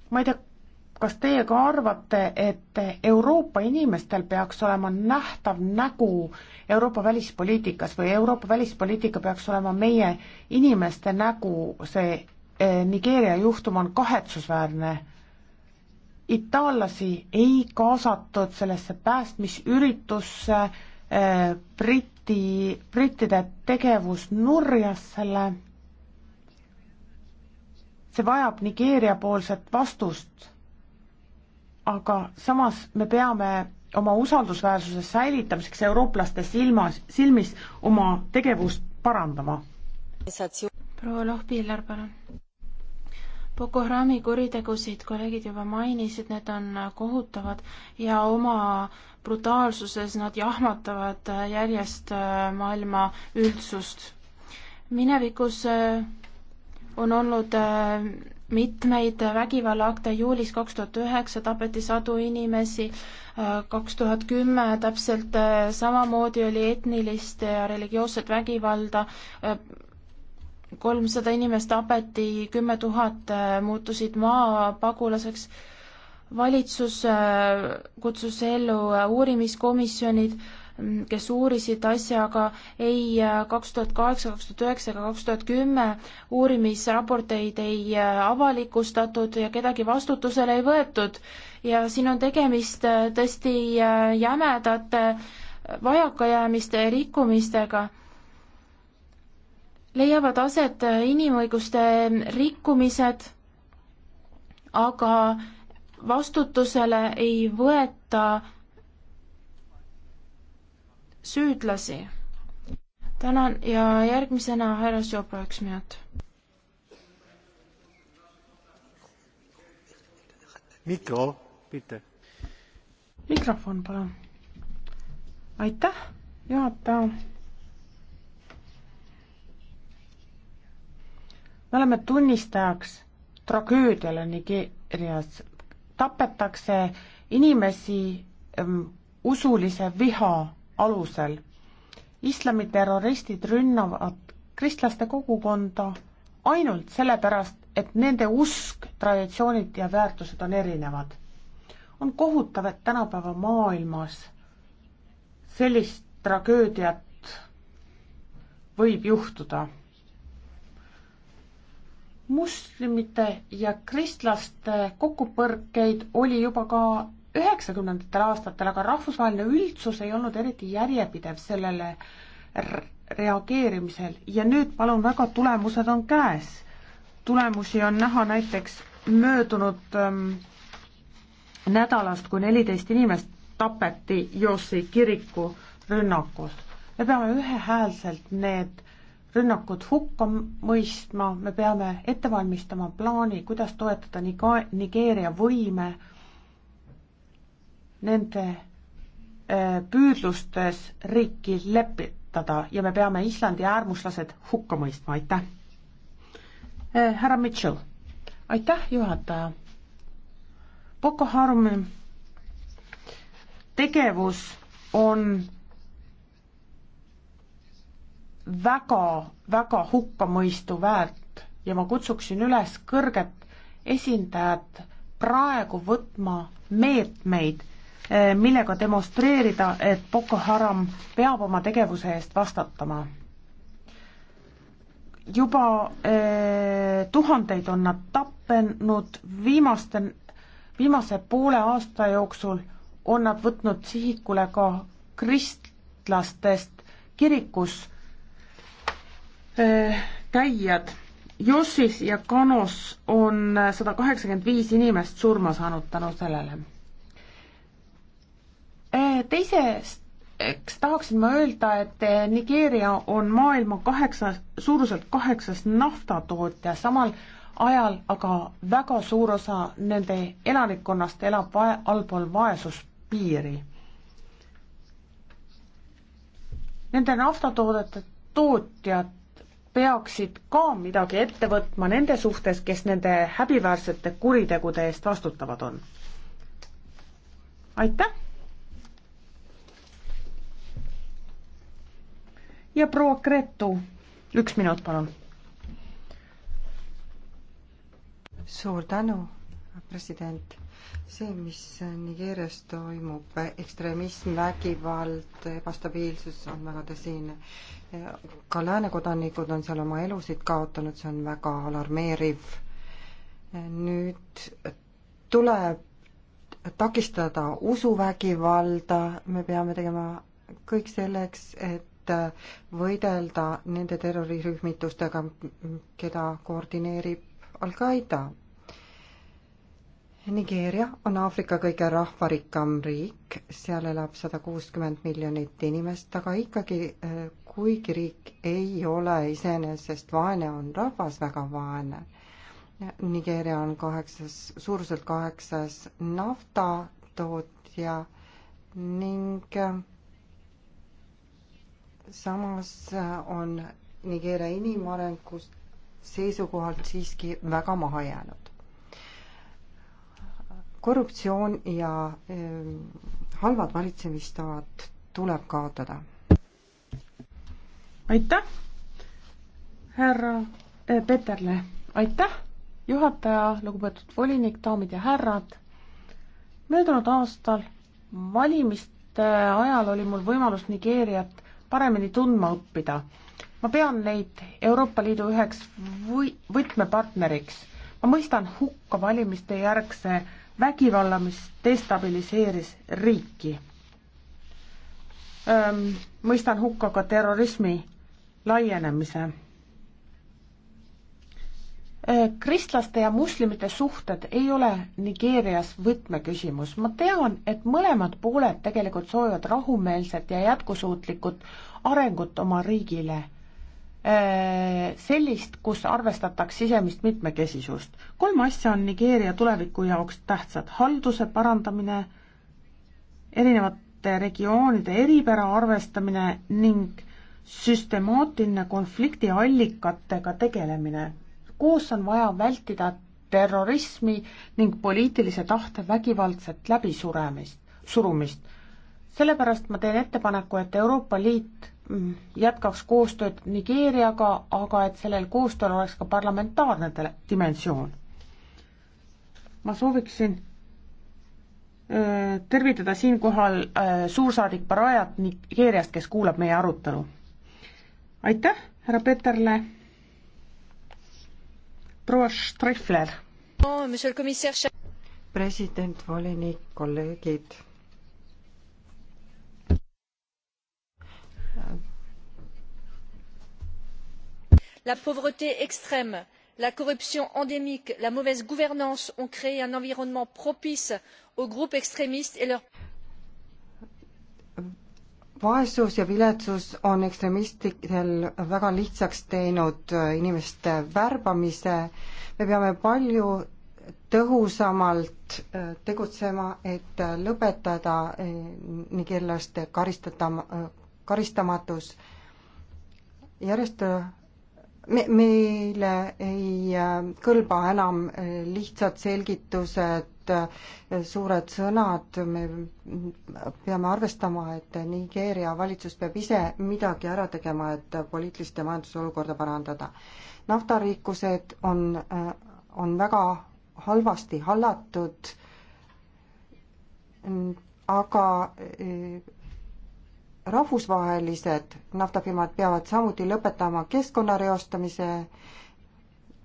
ma ei tea, kas teie ka arvate, et Euroopa inimestel peaks olema nähtav nägu Euroopa välispoliitikas või Euroopa välispoliitika peaks olema meie inimeste nägu, see eh, Nigeeria juhtum on kahetsusväärne itaallasi ei kaasatud sellesse päästmisüritusse äh,, eh, Briti, brittide tegevus nurjas selle, see vajab Nigeeria-poolset vastust. aga samas me peame oma usaldusväärsuse säilitamiseks eurooplaste silmas, silmis oma tegevust parandama. proua Lohpiller, palun Boko Harami kuritegusid kolleegid juba mainisid, need on kohutavad ja oma brutaalsuses nad jahmatavad järjest äh, maailma üldsust. minevikus äh, on olnud äh, mitmeid vägivallaakte, juulis kaks tuhat üheksa tapeti sadu inimesi, kaks tuhat kümme täpselt samamoodi oli etnilist ja religioosset vägivalda kolmsada inimest tapeti, kümme tuhat äh, muutusid maapagulaseks. valitsus äh, kutsus ellu äh, uurimiskomisjonid, mm, kes uurisid asja, aga ei kaks tuhat kaheksa, kaks tuhat üheksa ega kaks tuhat kümme uurimisraporteid ei avalikustatud ja kedagi vastutusele ei võetud. ja siin on tegemist tõesti jämedate vajakajäämiste ja rikkumistega leiavad aset äh, inimõiguste äh, rikkumised, aga vastutusele ei võeta süüdlasi. tänan ja järgmisena härra Sjopa üks minut. mikro, mitte. mikrofon, palun. aitäh, juhataja me oleme tunnistajaks tragöödiale Nigeerias, tapetakse inimesi ähm, usulise viha alusel. islamiterroristid rünnavad kristlaste kogukonda ainult sellepärast, et nende usk, traditsioonid ja väärtused on erinevad. on kohutav, et tänapäeva maailmas sellist tragöödiat võib juhtuda muslimite ja kristlaste kokkupõrkeid oli juba ka üheksakümnendatel aastatel, aga rahvusvaheline üldsus ei olnud eriti järjepidev sellele reageerimisel ja nüüd palun väga, tulemused on käes. tulemusi on näha näiteks möödunud ähm, nädalast, kui neliteist inimest tapeti Jossi kiriku rünnakus. me peame ühehäälselt need rünnakud hukka mõistma, me peame ette valmistama plaani, kuidas toetada Niga-, Nigeeria võime nende äh, püüdlustes riiki lepitada ja me peame Islandi äärmuslased hukka mõistma, aitäh! Äh, härra Mitchell, aitäh, juhataja! Boko Harumi tegevus on väga, väga hukkamõistu väärt ja ma kutsuksin üles kõrget esindajat praegu võtma meetmeid, eh, millega demonstreerida, et Boko Haram peab oma tegevuse eest vastutama. juba eh, tuhandeid on nad tappenud, viimaste, viimase poole aasta jooksul on nad võtnud sihikule ka kristlastest kirikus Eh, käijad. Jossis ja Kanos on sada kaheksakümmend viis inimest surma saanud tänu sellele. Eh, teisest eks tahaksin ma öelda, et eh, Nigeeria on maailma kaheksas, suuruselt kaheksas naftatootja, samal ajal aga väga suur osa nende elanikkonnast elab vae-, allpool vaesuspiiri. Nende naftatoodete tootjad peaksid ka midagi ette võtma nende suhtes, kes nende häbiväärsete kuritegude eest vastutavad on. aitäh! ja proua Gretu, üks minut, palun. suur tänu, president see, mis Nigeerias toimub, ekstremism, vägivald, ebastabiilsus on väga tõsine. ka lääne kodanikud on seal oma elusid kaotanud, see on väga alarmeeriv. nüüd tuleb takistada usuvägivalda, me peame tegema kõik selleks, et võidelda nende terrorirühmitustega, keda koordineerib Al-Qaeda Nigeeria on Aafrika kõige rahvarikkam riik, seal elab sada kuuskümmend miljonit inimest, aga ikkagi, eh, kuigi riik ei ole iseenesest vaene, on rahvas väga vaene. Nigeeria on kaheksas, suuruselt kaheksas naftatootja ning eh, samas eh, on Nigeeria inimarengust seisukohalt siiski väga maha jäänud korruptsioon ja ehm, halvad valitsemistavad tuleb kaotada. aitäh, härra äh, Peterle, aitäh, juhataja, lugupeetud volinik, daamid ja härrad. möödunud aastal valimiste ajal oli mul võimalus Nigeeriat paremini tundma õppida. ma pean neid Euroopa Liidu üheks või võtmepartneriks. ma mõistan hukka valimiste järgse vägivalla, mis destabiliseeris riiki. mõistan hukka ka terrorismi laienemise. Äh, kristlaste ja moslemite suhted ei ole Nigeerias võtmeküsimus. ma tean, et mõlemad pooled tegelikult soovivad rahumeelset ja jätkusuutlikut arengut oma riigile Äh, sellist, kus arvestataks sisemist mitmekesisust. kolm asja on Nigeeria tuleviku jaoks tähtsad, halduse parandamine, erinevate regioonide eripära arvestamine ning süstemaatiline konflikti allikatega tegelemine. koos on vaja vältida terrorismi ning poliitilise tahte vägivaldset läbisuremist, surumist. sellepärast ma teen ettepaneku, et Euroopa Liit jätkaks koostööd Nigeeriaga, aga et sellel koostööl oleks ka parlamentaarne dimensioon. ma sooviksin tervitada siinkohal suursaadik Barajat Nigeeriast, kes kuulab meie arutelu. aitäh, härra Peterle. proua Streffler. president, volinik, kolleegid la pauvreté extrême la corruption endémique la mauvaise gouvernance ont créé un environnement propice aux groupes extrémistes et leur vaesus ja viletsus on ekstremistidel väga lihtsaks teinud äh, inimeste värbamise. me peame palju tõhusamalt äh, tegutsema, et äh, lõpetada nigeerlaste karistata, karistamatus. järjest me, meile ei äh, kõlba enam äh, lihtsad selgitused, äh, suured sõnad, me peame arvestama, et Nigeeria valitsus peab ise midagi ära tegema, et poliitilist ja majandusolukorda parandada. naftarikkused on, on väga halvasti hallatud, aga rahvusvahelised naftafirmad peavad samuti lõpetama keskkonna reostamise,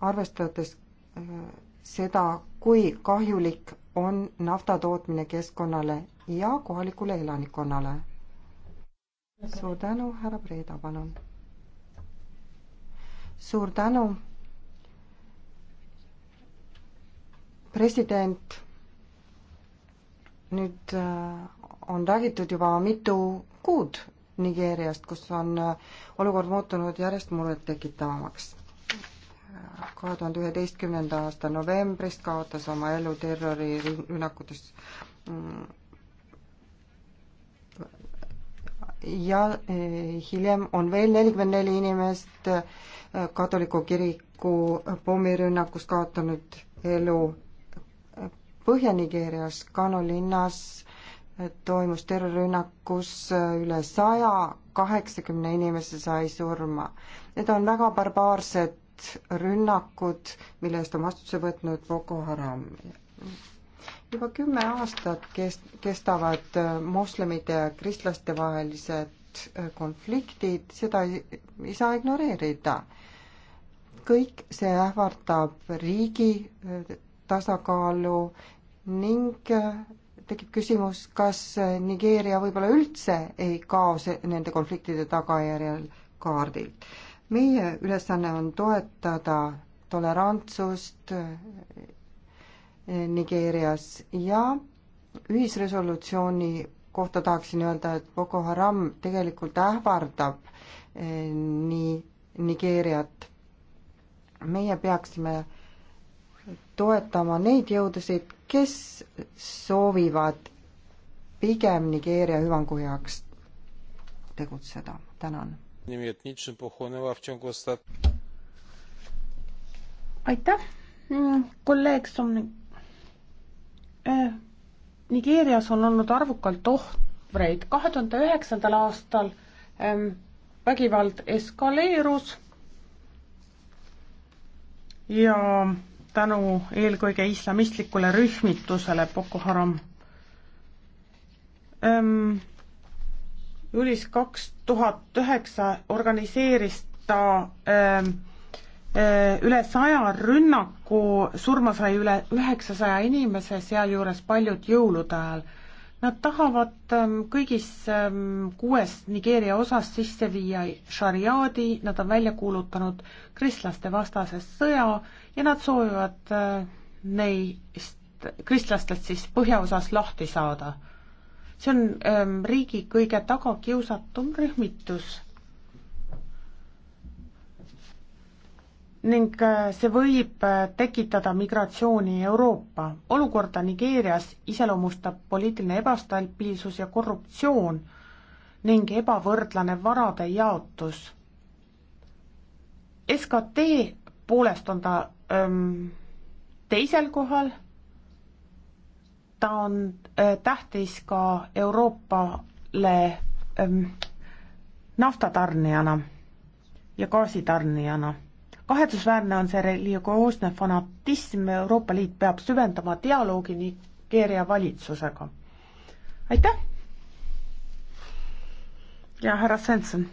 arvestades äh, seda, kui kahjulik on nafta tootmine keskkonnale ja kohalikule elanikkonnale. suur tänu, härra Preeda, palun. suur tänu. president, nüüd äh, on räägitud juba mitu kuud Nigeeriast, kus on äh, olukord muutunud järjest murettekitavamaks. kahe tuhande üheteistkümnenda aasta novembrist kaotas oma elu terrorirünnakutes mm, ja eh, hiljem on veel nelikümmend neli inimest eh, katoliku kiriku pommirünnakus kaotanud elu eh, Põhja-Nigeerias Kano linnas toimus terrorirünnak, kus üle saja kaheksakümne inimese sai surma. Need on väga barbaarsed rünnakud, mille eest on vastutuse võtnud Boko Haram. juba kümme aastat kes-, kestavad moslemite ja kristlaste vahelised konfliktid, seda ei, ei saa ignoreerida. kõik see ähvardab riigi eh, tasakaalu ning eh, tekib küsimus, kas Nigeeria võib-olla üldse ei kao see, nende konfliktide tagajärjel kaardilt. meie ülesanne on toetada tolerantsust eh, Nigeerias ja ühisresolutsiooni kohta tahaksin öelda, et Boko Haram tegelikult ähvardab eh, nii Nigeeriat. meie peaksime toetama neid jõudusid, kes soovivad pigem Nigeeria hüvangu heaks tegutseda. tänan. aitäh, kolleeg Somni äh,. Nigeerias on olnud arvukalt ohvreid, kahe tuhande üheksandal aastal ähm, vägivald eskaleerus ja tänu eelkõige islamistlikule rühmitusele Boko Haram. juulis kaks tuhat üheksa organiseeris ta öö, üle saja rünnaku, surma sai üle üheksasaja inimese, sealjuures paljud jõulude ajal. Nad tahavad ähm, kõigis ähm, kuues Nigeeria osas sisse viia šariaadi, nad on välja kuulutanud kristlaste vastase sõja ja nad soovivad äh, neist kristlastest siis põhjaosas lahti saada. see on ähm, riigi kõige tagakiusatum rühmitus ning äh, see võib äh, tekitada migratsiooni Euroopa. olukorda Nigeerias iseloomustab poliitiline ebastabiilsus ja korruptsioon ning ebavõrdlane varade jaotus. SKT poolest on ta öö, ähm, teisel kohal, ta on öö, äh, tähtis ka Euroopale öö, ähm, naftatarnijana ja gaasitarnijana kahetsusväärne on see religioosne fanatism, Euroopa Liit peab süvendama dialoogi Nigeeria valitsusega. aitäh! ja härra Svensson.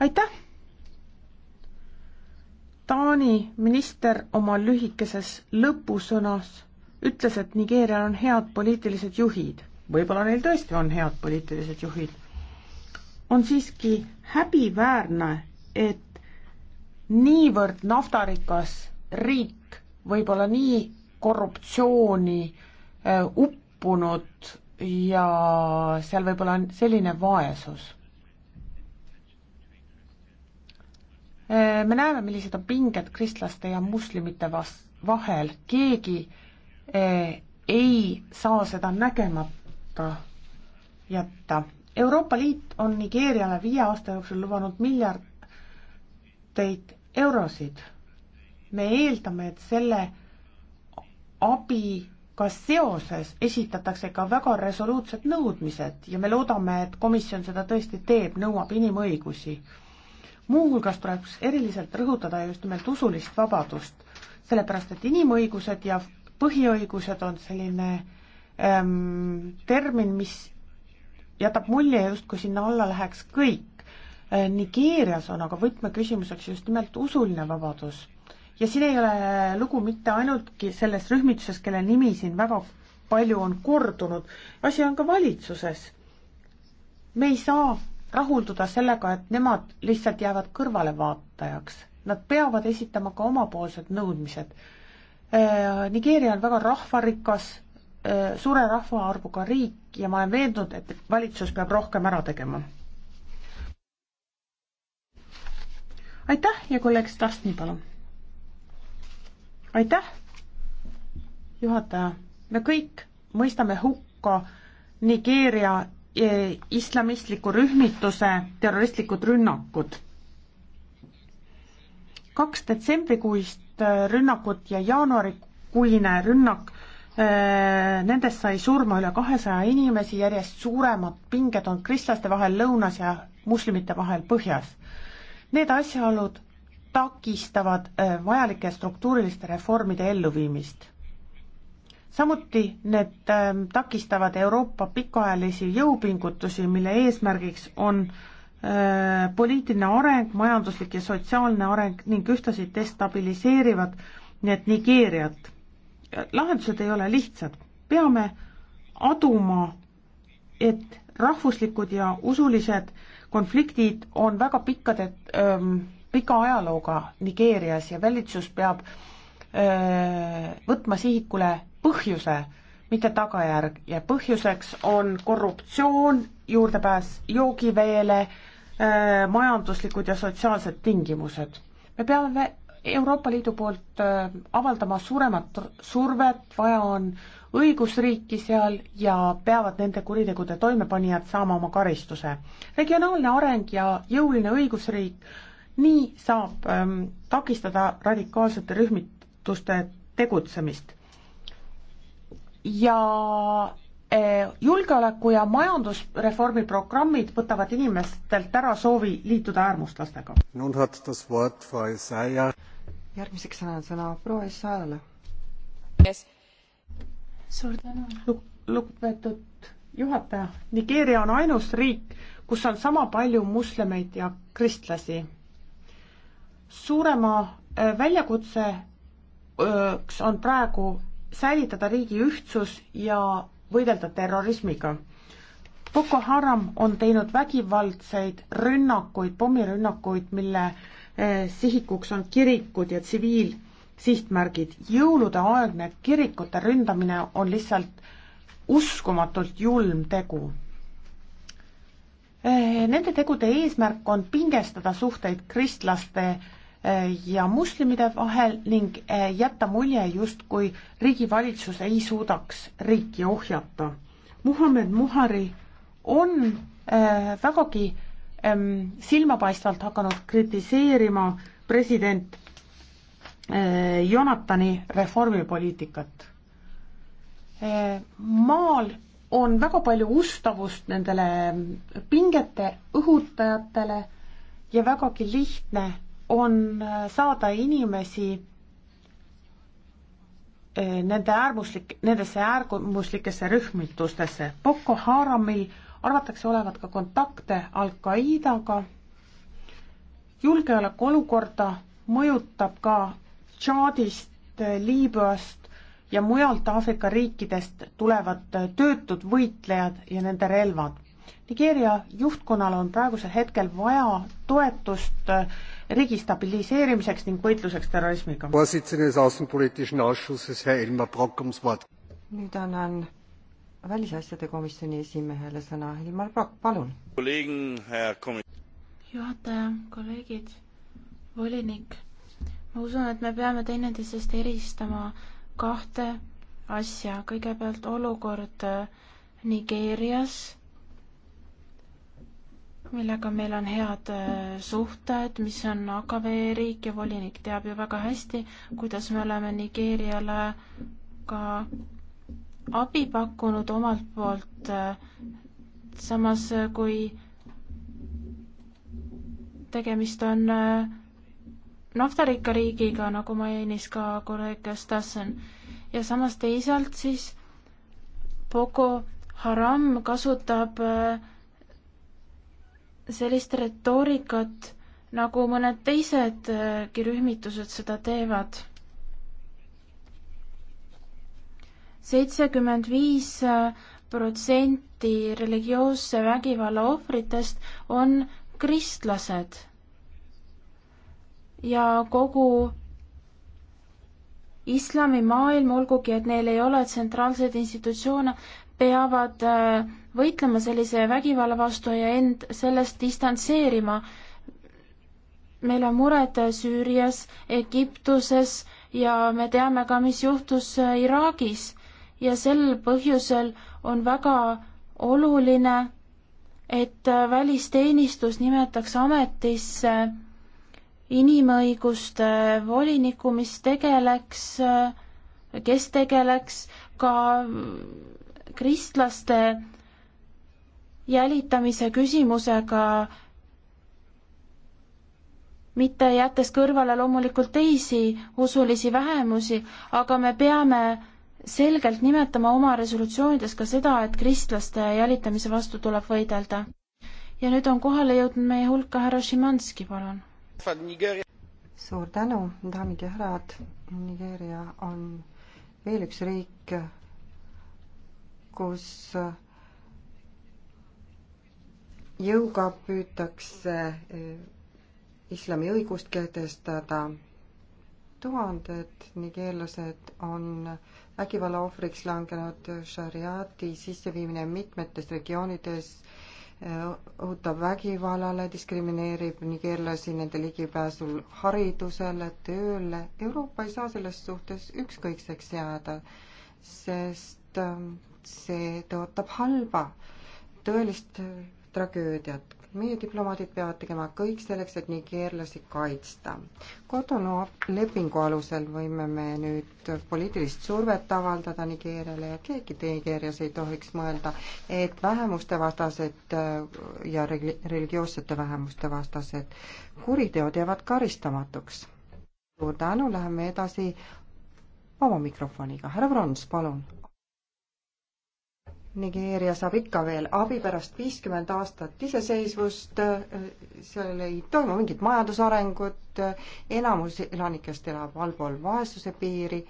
aitäh! Taani minister oma lühikeses lõpusõnas ütles, et Nigeerial on head poliitilised juhid. võib-olla neil tõesti on head poliitilised juhid. on siiski häbiväärne, et niivõrd naftarikas riik võib olla nii korruptsiooni äh, uppunud ja seal võib olla selline vaesus. Äh, me näeme, millised on pinged kristlaste ja muslimite vas-, vahel, keegi äh, ei saa seda nägemata jätta. Euroopa Liit on Nigeeriale viie aasta jooksul lubanud miljardeid eurosid. me eeldame, et selle abiga seoses esitatakse ka väga resoluutsed nõudmised ja me loodame, et komisjon seda tõesti teeb, nõuab inimõigusi. muuhulgas tuleks eriliselt rõhutada just nimelt usulist vabadust, sellepärast et inimõigused ja põhiõigused on selline ähm, termin, mis jätab mulje, justkui sinna alla läheks kõik Äh, Nigeerias on aga võtmeküsimuseks just nimelt usuline vabadus. ja siin ei ole lugu mitte ainultki selles rühmituses, kelle nimi siin väga palju on kordunud, asi on ka valitsuses. me ei saa rahulduda sellega, et nemad lihtsalt jäävad kõrvalevaatajaks. Nad peavad esitama ka omapoolsed nõudmised. Äh, Nigeeria on väga rahvarikas, äh, suure rahvaarvuga riik ja ma olen veendunud, et valitsus peab rohkem ära tegema aitäh ja kolleeg Stastni, palun. aitäh, juhataja. me kõik mõistame hukka Nigeeria eh, islamistliku rühmituse terroristlikud rünnakud. kaks detsembrikuist eh, rünnakut ja jaanuarikuine rünnak, eh, nendest sai surma üle kahesaja inimesi, järjest suuremad pinged on kristlaste vahel lõunas ja moslemite vahel põhjas Need asjaolud takistavad äh, vajalike struktuuriliste reformide elluviimist. samuti need ähm, takistavad Euroopa pikaajalisi jõupingutusi, mille eesmärgiks on äh, poliitiline areng, majanduslik ja sotsiaalne areng ning ühtlasi destabiliseerivad need Nigeeriat. lahendused ei ole lihtsad, peame aduma, et rahvuslikud ja usulised äh, konfliktid on väga pikkade, ähm, pika ajalooga Nigeerias ja valitsus peab öö, äh, võtma sihikule põhjuse, mitte tagajärg ja põhjuseks on korruptsioon, juurdepääs joogiveele, äh, majanduslikud ja sotsiaalsed tingimused. me peame Euroopa Liidu poolt öö, äh, avaldama suuremat survet, vaja on öö, õigusriiki seal ja peavad nende kuritegude toimepanijad saama oma karistuse. regionaalne areng ja jõuline õigusriik, nii saab ähm, takistada radikaalsete rühmituste tegutsemist. ja äh, julgeoleku- ja majandusreformi programmid võtavad inimestelt ära soovi liituda äärmuslastega. järgmiseks annan sõna proua Isajale suur tänu. lugupeetud juhataja, Nigeeria on ainus riik, kus on sama palju moslemeid ja kristlasi. suurema äh, väljakutseks äh, on praegu säilitada riigi ühtsus ja võidelda terrorismiga. Boko Haram on teinud vägivaldseid rünnakuid, pommirünnakuid, mille äh, sihikuks on kirikud ja tsiviil sihtmärgid. jõulude aegne kirikute ründamine on lihtsalt uskumatult julm tegu. Eh, nende tegude eesmärk on pingestada suhteid kristlaste eh, ja moslemide vahel ning eh, jätta mulje, justkui riigivalitsus ei suudaks riiki ohjata. Muhamed Muhari on vägagi silmapaistvalt hakanud kritiseerima president Äh, Jonatani reformipoliitikat. Äh, maal on väga palju ustavust nendele pingete õhutajatele ja vägagi lihtne on äh, saada inimesi nende äärmuslik, nendesse äärmuslikesse rühmitustesse. Boko Haramil arvatakse olevat ka kontakte Al-Qaidaga, julgeolekuolukorda mõjutab ka Tšaadist, Liibüast ja mujalt Aafrika riikidest tulevad töötud võitlejad ja nende relvad. Nigeeria juhtkonnal on praegusel hetkel vaja toetust riigi stabiliseerimiseks ning võitluseks terrorismiga. nüüd annan välisasjade komisjoni esimehele sõna, Ilmar Prokk, palun. juhataja, kolleegid, volinik ma usun, et me peame teineteisest eristama kahte asja, kõigepealt olukord äh, Nigeerias, millega meil on head äh, suhted, mis on AKV riik ja volinik teab ju väga hästi, kuidas me oleme Nigeeriale ka abi pakkunud omalt poolt, äh, samas kui tegemist on äh, naftarikka riigiga, nagu mainis ka kolleeg Stassen. ja samas teisalt siis Boko Haram kasutab äh, sellist retoorikat, nagu mõned teisedki äh, rühmitused seda teevad. seitsekümmend viis äh, protsenti religioosse vägivalla ohvritest on kristlased ja kogu islamimaailm, olgugi et neil ei ole tsentraalseid institutsioone, peavad äh, võitlema sellise vägivalla vastu ja end sellest distantseerima. meil on mured äh, Süürias, Egiptuses ja me teame ka, mis juhtus äh, Iraagis ja sel põhjusel on väga oluline, et välisteenistus nimetaks ametisse äh, inimõiguste voliniku, mis tegeleks, kes tegeleks ka kristlaste jälitamise küsimusega, mitte jättes kõrvale loomulikult teisi usulisi vähemusi, aga me peame selgelt nimetama oma resolutsioonides ka seda, et kristlaste jälitamise vastu tuleb võidelda. ja nüüd on kohale jõudnud meie hulka härra Šimanski, palun suur tänu, daamid ja härrad. Nigeeria on veel üks riik, kus jõuga püütakse eh, islami õigust kehtestada. tuhanded nigeerlased on vägivalla ohvriks langenud, šariaati sisseviimine mitmetes regioonides õhutab vägivallale, diskrimineerib nigeerlasi nende ligipääsul haridusele, tööle. Euroopa ei saa selles suhtes ükskõikseks jääda, sest ähm, see tõotab halba, tõelist tragöödiat meie diplomaadid peavad tegema kõik selleks, et nigeerlasi kaitsta. Cotonou lepingu alusel võime me nüüd poliitilist survet avaldada Nigeeriale ja keegi Nigeerias ei tohiks mõelda, et vähemuste vastased äh, ja religioossete vähemuste vastased kuriteod jäävad karistamatuks. suur tänu, läheme edasi vaba mikrofoniga, härra Prons, palun Nigeeria saab ikka veel abi pärast viiskümmend aastat iseseisvust, seal ei toimu mingit majandusarengut, enamus elanikest elab allpool vaesuse piiri.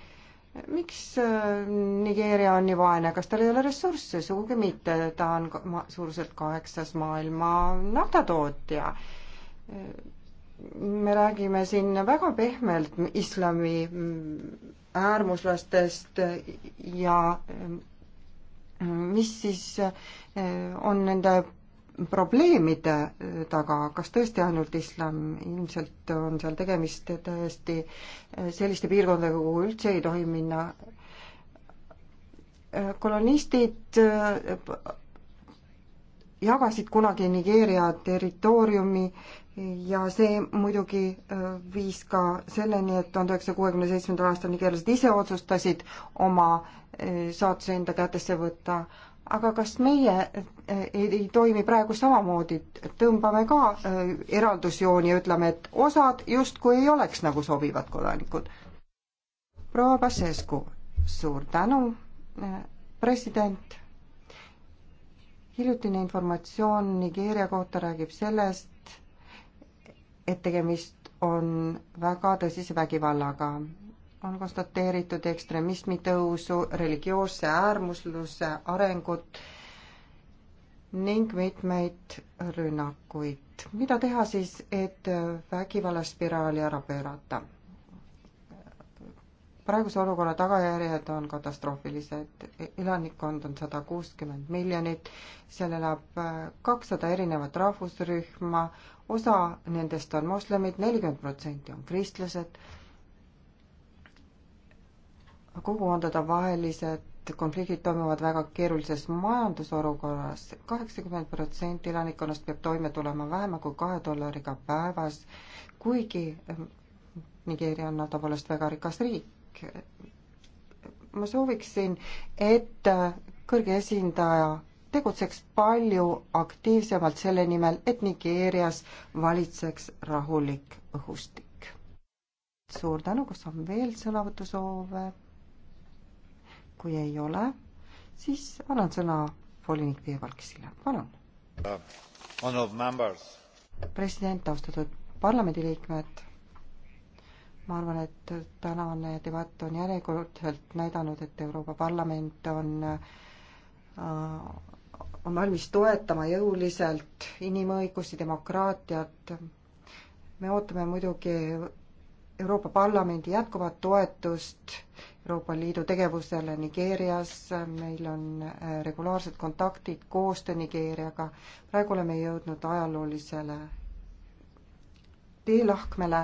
miks äh, Nigeeria on nii vaene, kas tal ei ole ressursse? sugugi mitte, ta on ma-, suuruselt kaheksas maailma naftatootja. me räägime siin väga pehmelt islami mm, äärmuslastest ja mis siis äh, on nende probleemide taga, kas tõesti ainult islam, ilmselt on seal tegemist täiesti äh, selliste piirkondadega, kuhu üldse ei tohi minna. Äh, kolonistid jagasid kunagi Nigeeria territooriumi ja see muidugi viis ka selleni, et tuhande üheksasaja kuuekümne seitsmendal aastal nigeerlased ise otsustasid oma saatuse enda kätesse võtta, aga kas meie ei, e, ei toimi praegu samamoodi, tõmbame ka e, eraldusjooni ja ütleme, et osad justkui ei oleks nagu sobivad kodanikud? proua Pasescu, suur tänu, e, president. hiljutine informatsioon Nigeeria kohta räägib sellest, et tegemist on väga tõsise vägivallaga on konstateeritud ekstremismi tõusu, religioosse äärmusluse arengut ning mitmeid rünnakuid. mida teha siis, et vägivallaspiraali ära pöörata? praeguse olukorra tagajärjed on katastroofilised, elanikkond on sada kuuskümmend miljonit, seal elab kakssada erinevat rahvusrühma, osa nendest on moslemid, nelikümmend protsenti on kristlased kogukondade vahelised konfliktid toimuvad väga keerulises majandusolukorras. kaheksakümmend protsenti elanikkonnast peab toime tulema vähema kui kahe dollariga päevas, kuigi ehm, Nigeeria on tõepoolest väga rikas riik. ma sooviksin, et äh, kõrge esindaja tegutseks palju aktiivsemalt selle nimel, et Nigeerias valitseks rahulik õhustik. suur tänu, kas on veel sõnavõtusoove? kui ei ole, siis annan sõna volinik Piivalksile, palun uh,. president, austatud parlamendiliikmed, ma arvan, et tänane debatt on järjekordselt näidanud, et Euroopa Parlament on uh, on valmis toetama jõuliselt inimõigusi, demokraatiat. me ootame muidugi Euroopa Parlamendi jätkuvat toetust Euroopa Liidu tegevusele Nigeerias, meil on äh, regulaarsed kontaktid, koostöö Nigeeriaga, praegu oleme jõudnud ajaloolisele teelahkmele,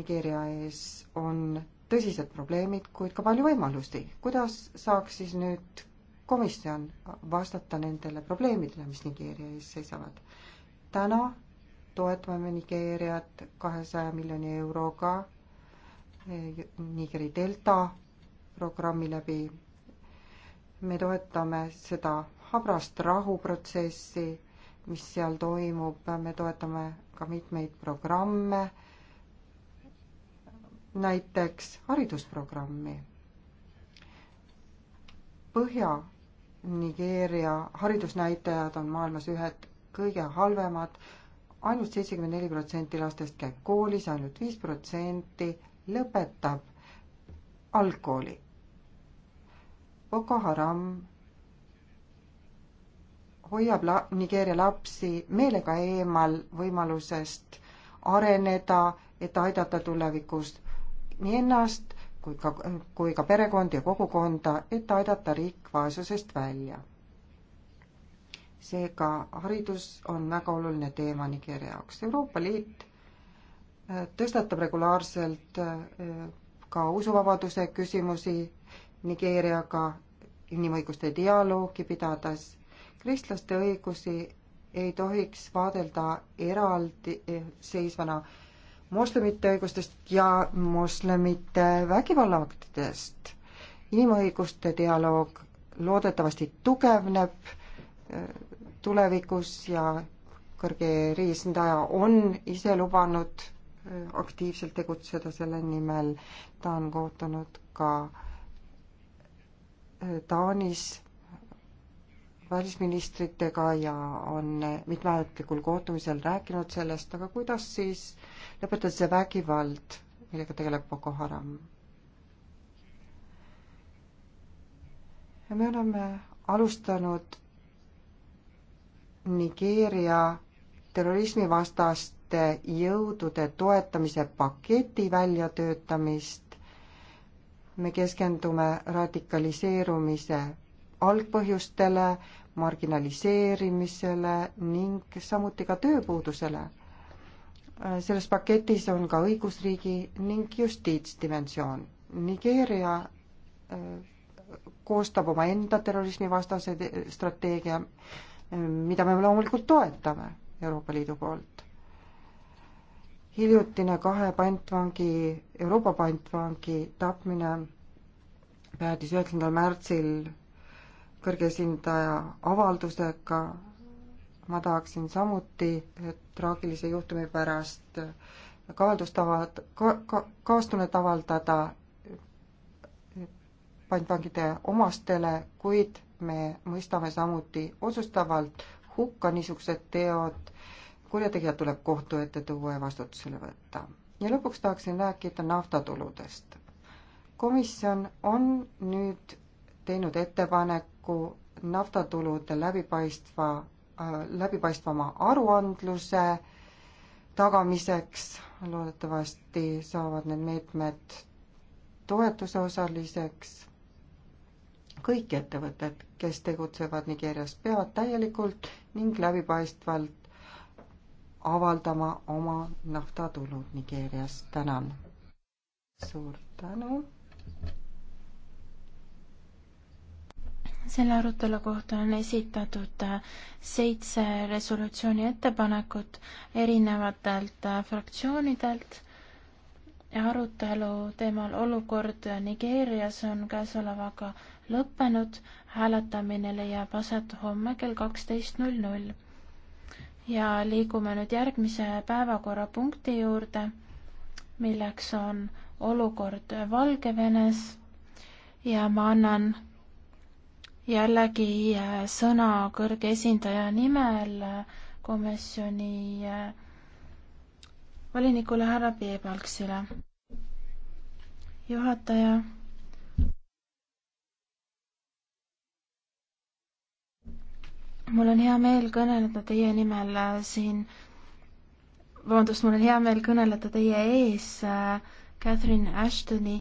Nigeeria ees on tõsised probleemid, kuid ka palju võimalusi. kuidas saaks siis nüüd komisjon vastata nendele probleemidele, mis Nigeeria ees seisavad? täna toetame Nigeeriat kahesaja miljoni euroga eh, Nigeri delta programmi läbi. me toetame seda habrast rahuprotsessi, mis seal toimub, me toetame ka mitmeid programme, näiteks haridusprogrammi. Põhja-Nigeeria haridusnäitajad on maailmas ühed kõige halvemad ainult seitsekümmend neli protsenti lastest käib koolis ainult, ainult viis protsenti lõpetab algkooli. Boko Haram hoiab la-, Nigeeria lapsi meelega eemal võimalusest areneda, et aidata tulevikus nii ennast kui ka, kui ka perekondi ja kogukonda, et aidata riik vaesusest välja seega haridus on väga oluline teema Nigeeria jaoks. Euroopa Liit äh, tõstatab regulaarselt äh, ka usuvabaduse küsimusi Nigeeriaga inimõiguste dialoogi pidades. kristlaste õigusi ei tohiks vaadelda eraldiseisvana äh, moslemite õigustest ja moslemite vägivallaaktidest. inimõiguste dialoog loodetavasti tugevneb tulevikus ja kõrge esindaja on ise lubanud äh, aktiivselt tegutseda selle nimel, ta on kohtunud ka äh, Taanis välisministritega ja on äh, mitmeametlikul kohtumisel rääkinud sellest, aga kuidas siis lõpetada see vägivald, millega tegeleb Boko Haram? ja me oleme alustanud Nigeeria terrorismivastaste jõudude toetamise paketi väljatöötamist. me keskendume radikaliseerumise algpõhjustele, marginaliseerimisele ning samuti ka tööpuudusele. selles paketis on ka õigusriigi ning justiitsdimensioon. Nigeeria äh, koostab omaenda terrorismivastase strateegia, mida me loomulikult toetame Euroopa Liidu poolt. hiljutine kahe pantvangi, Euroopa pantvangi tapmine päädis üheksandal märtsil kõrge esindaja avaldusega, ma tahaksin samuti traagilise juhtumi pärast kaevaldust avald-, ka-, ka-, kaastunnet avaldada pantvangide omastele, kuid me mõistame samuti otsustavalt hukka niisugused teod, kurjategijad tuleb kohtu ette tuua ja vastutusele võtta. ja lõpuks tahaksin rääkida naftatuludest. komisjon on nüüd teinud ettepaneku naftatulude läbipaistva äh,, läbipaistvama aruandluse tagamiseks, loodetavasti saavad need meetmed toetuse osaliseks kõik ettevõtted, kes tegutsevad Nigeerias, peavad täielikult ning läbipaistvalt avaldama oma naftatulud Nigeerias. tänan. suur tänu. selle arutelu kohta on esitatud äh, seitse resolutsiooni ettepanekut erinevatelt äh, fraktsioonidelt ja arutelu teemal olukord Nigeerias on käesolevaga lõppenud, hääletamine leiab aset homme kell kaksteist null null. ja liigume nüüd järgmise päevakorrapunkti juurde, milleks on olukord Valgevenes ja ma annan jällegi äh, sõna kõrge esindaja nimel äh, komisjoni äh, volinikule härra Peebalksile. juhataja mul on hea meel kõneleda teie nimel äh, siin, vabandust, mul on hea meel kõneleda teie ees äh, Catherine Ashtoni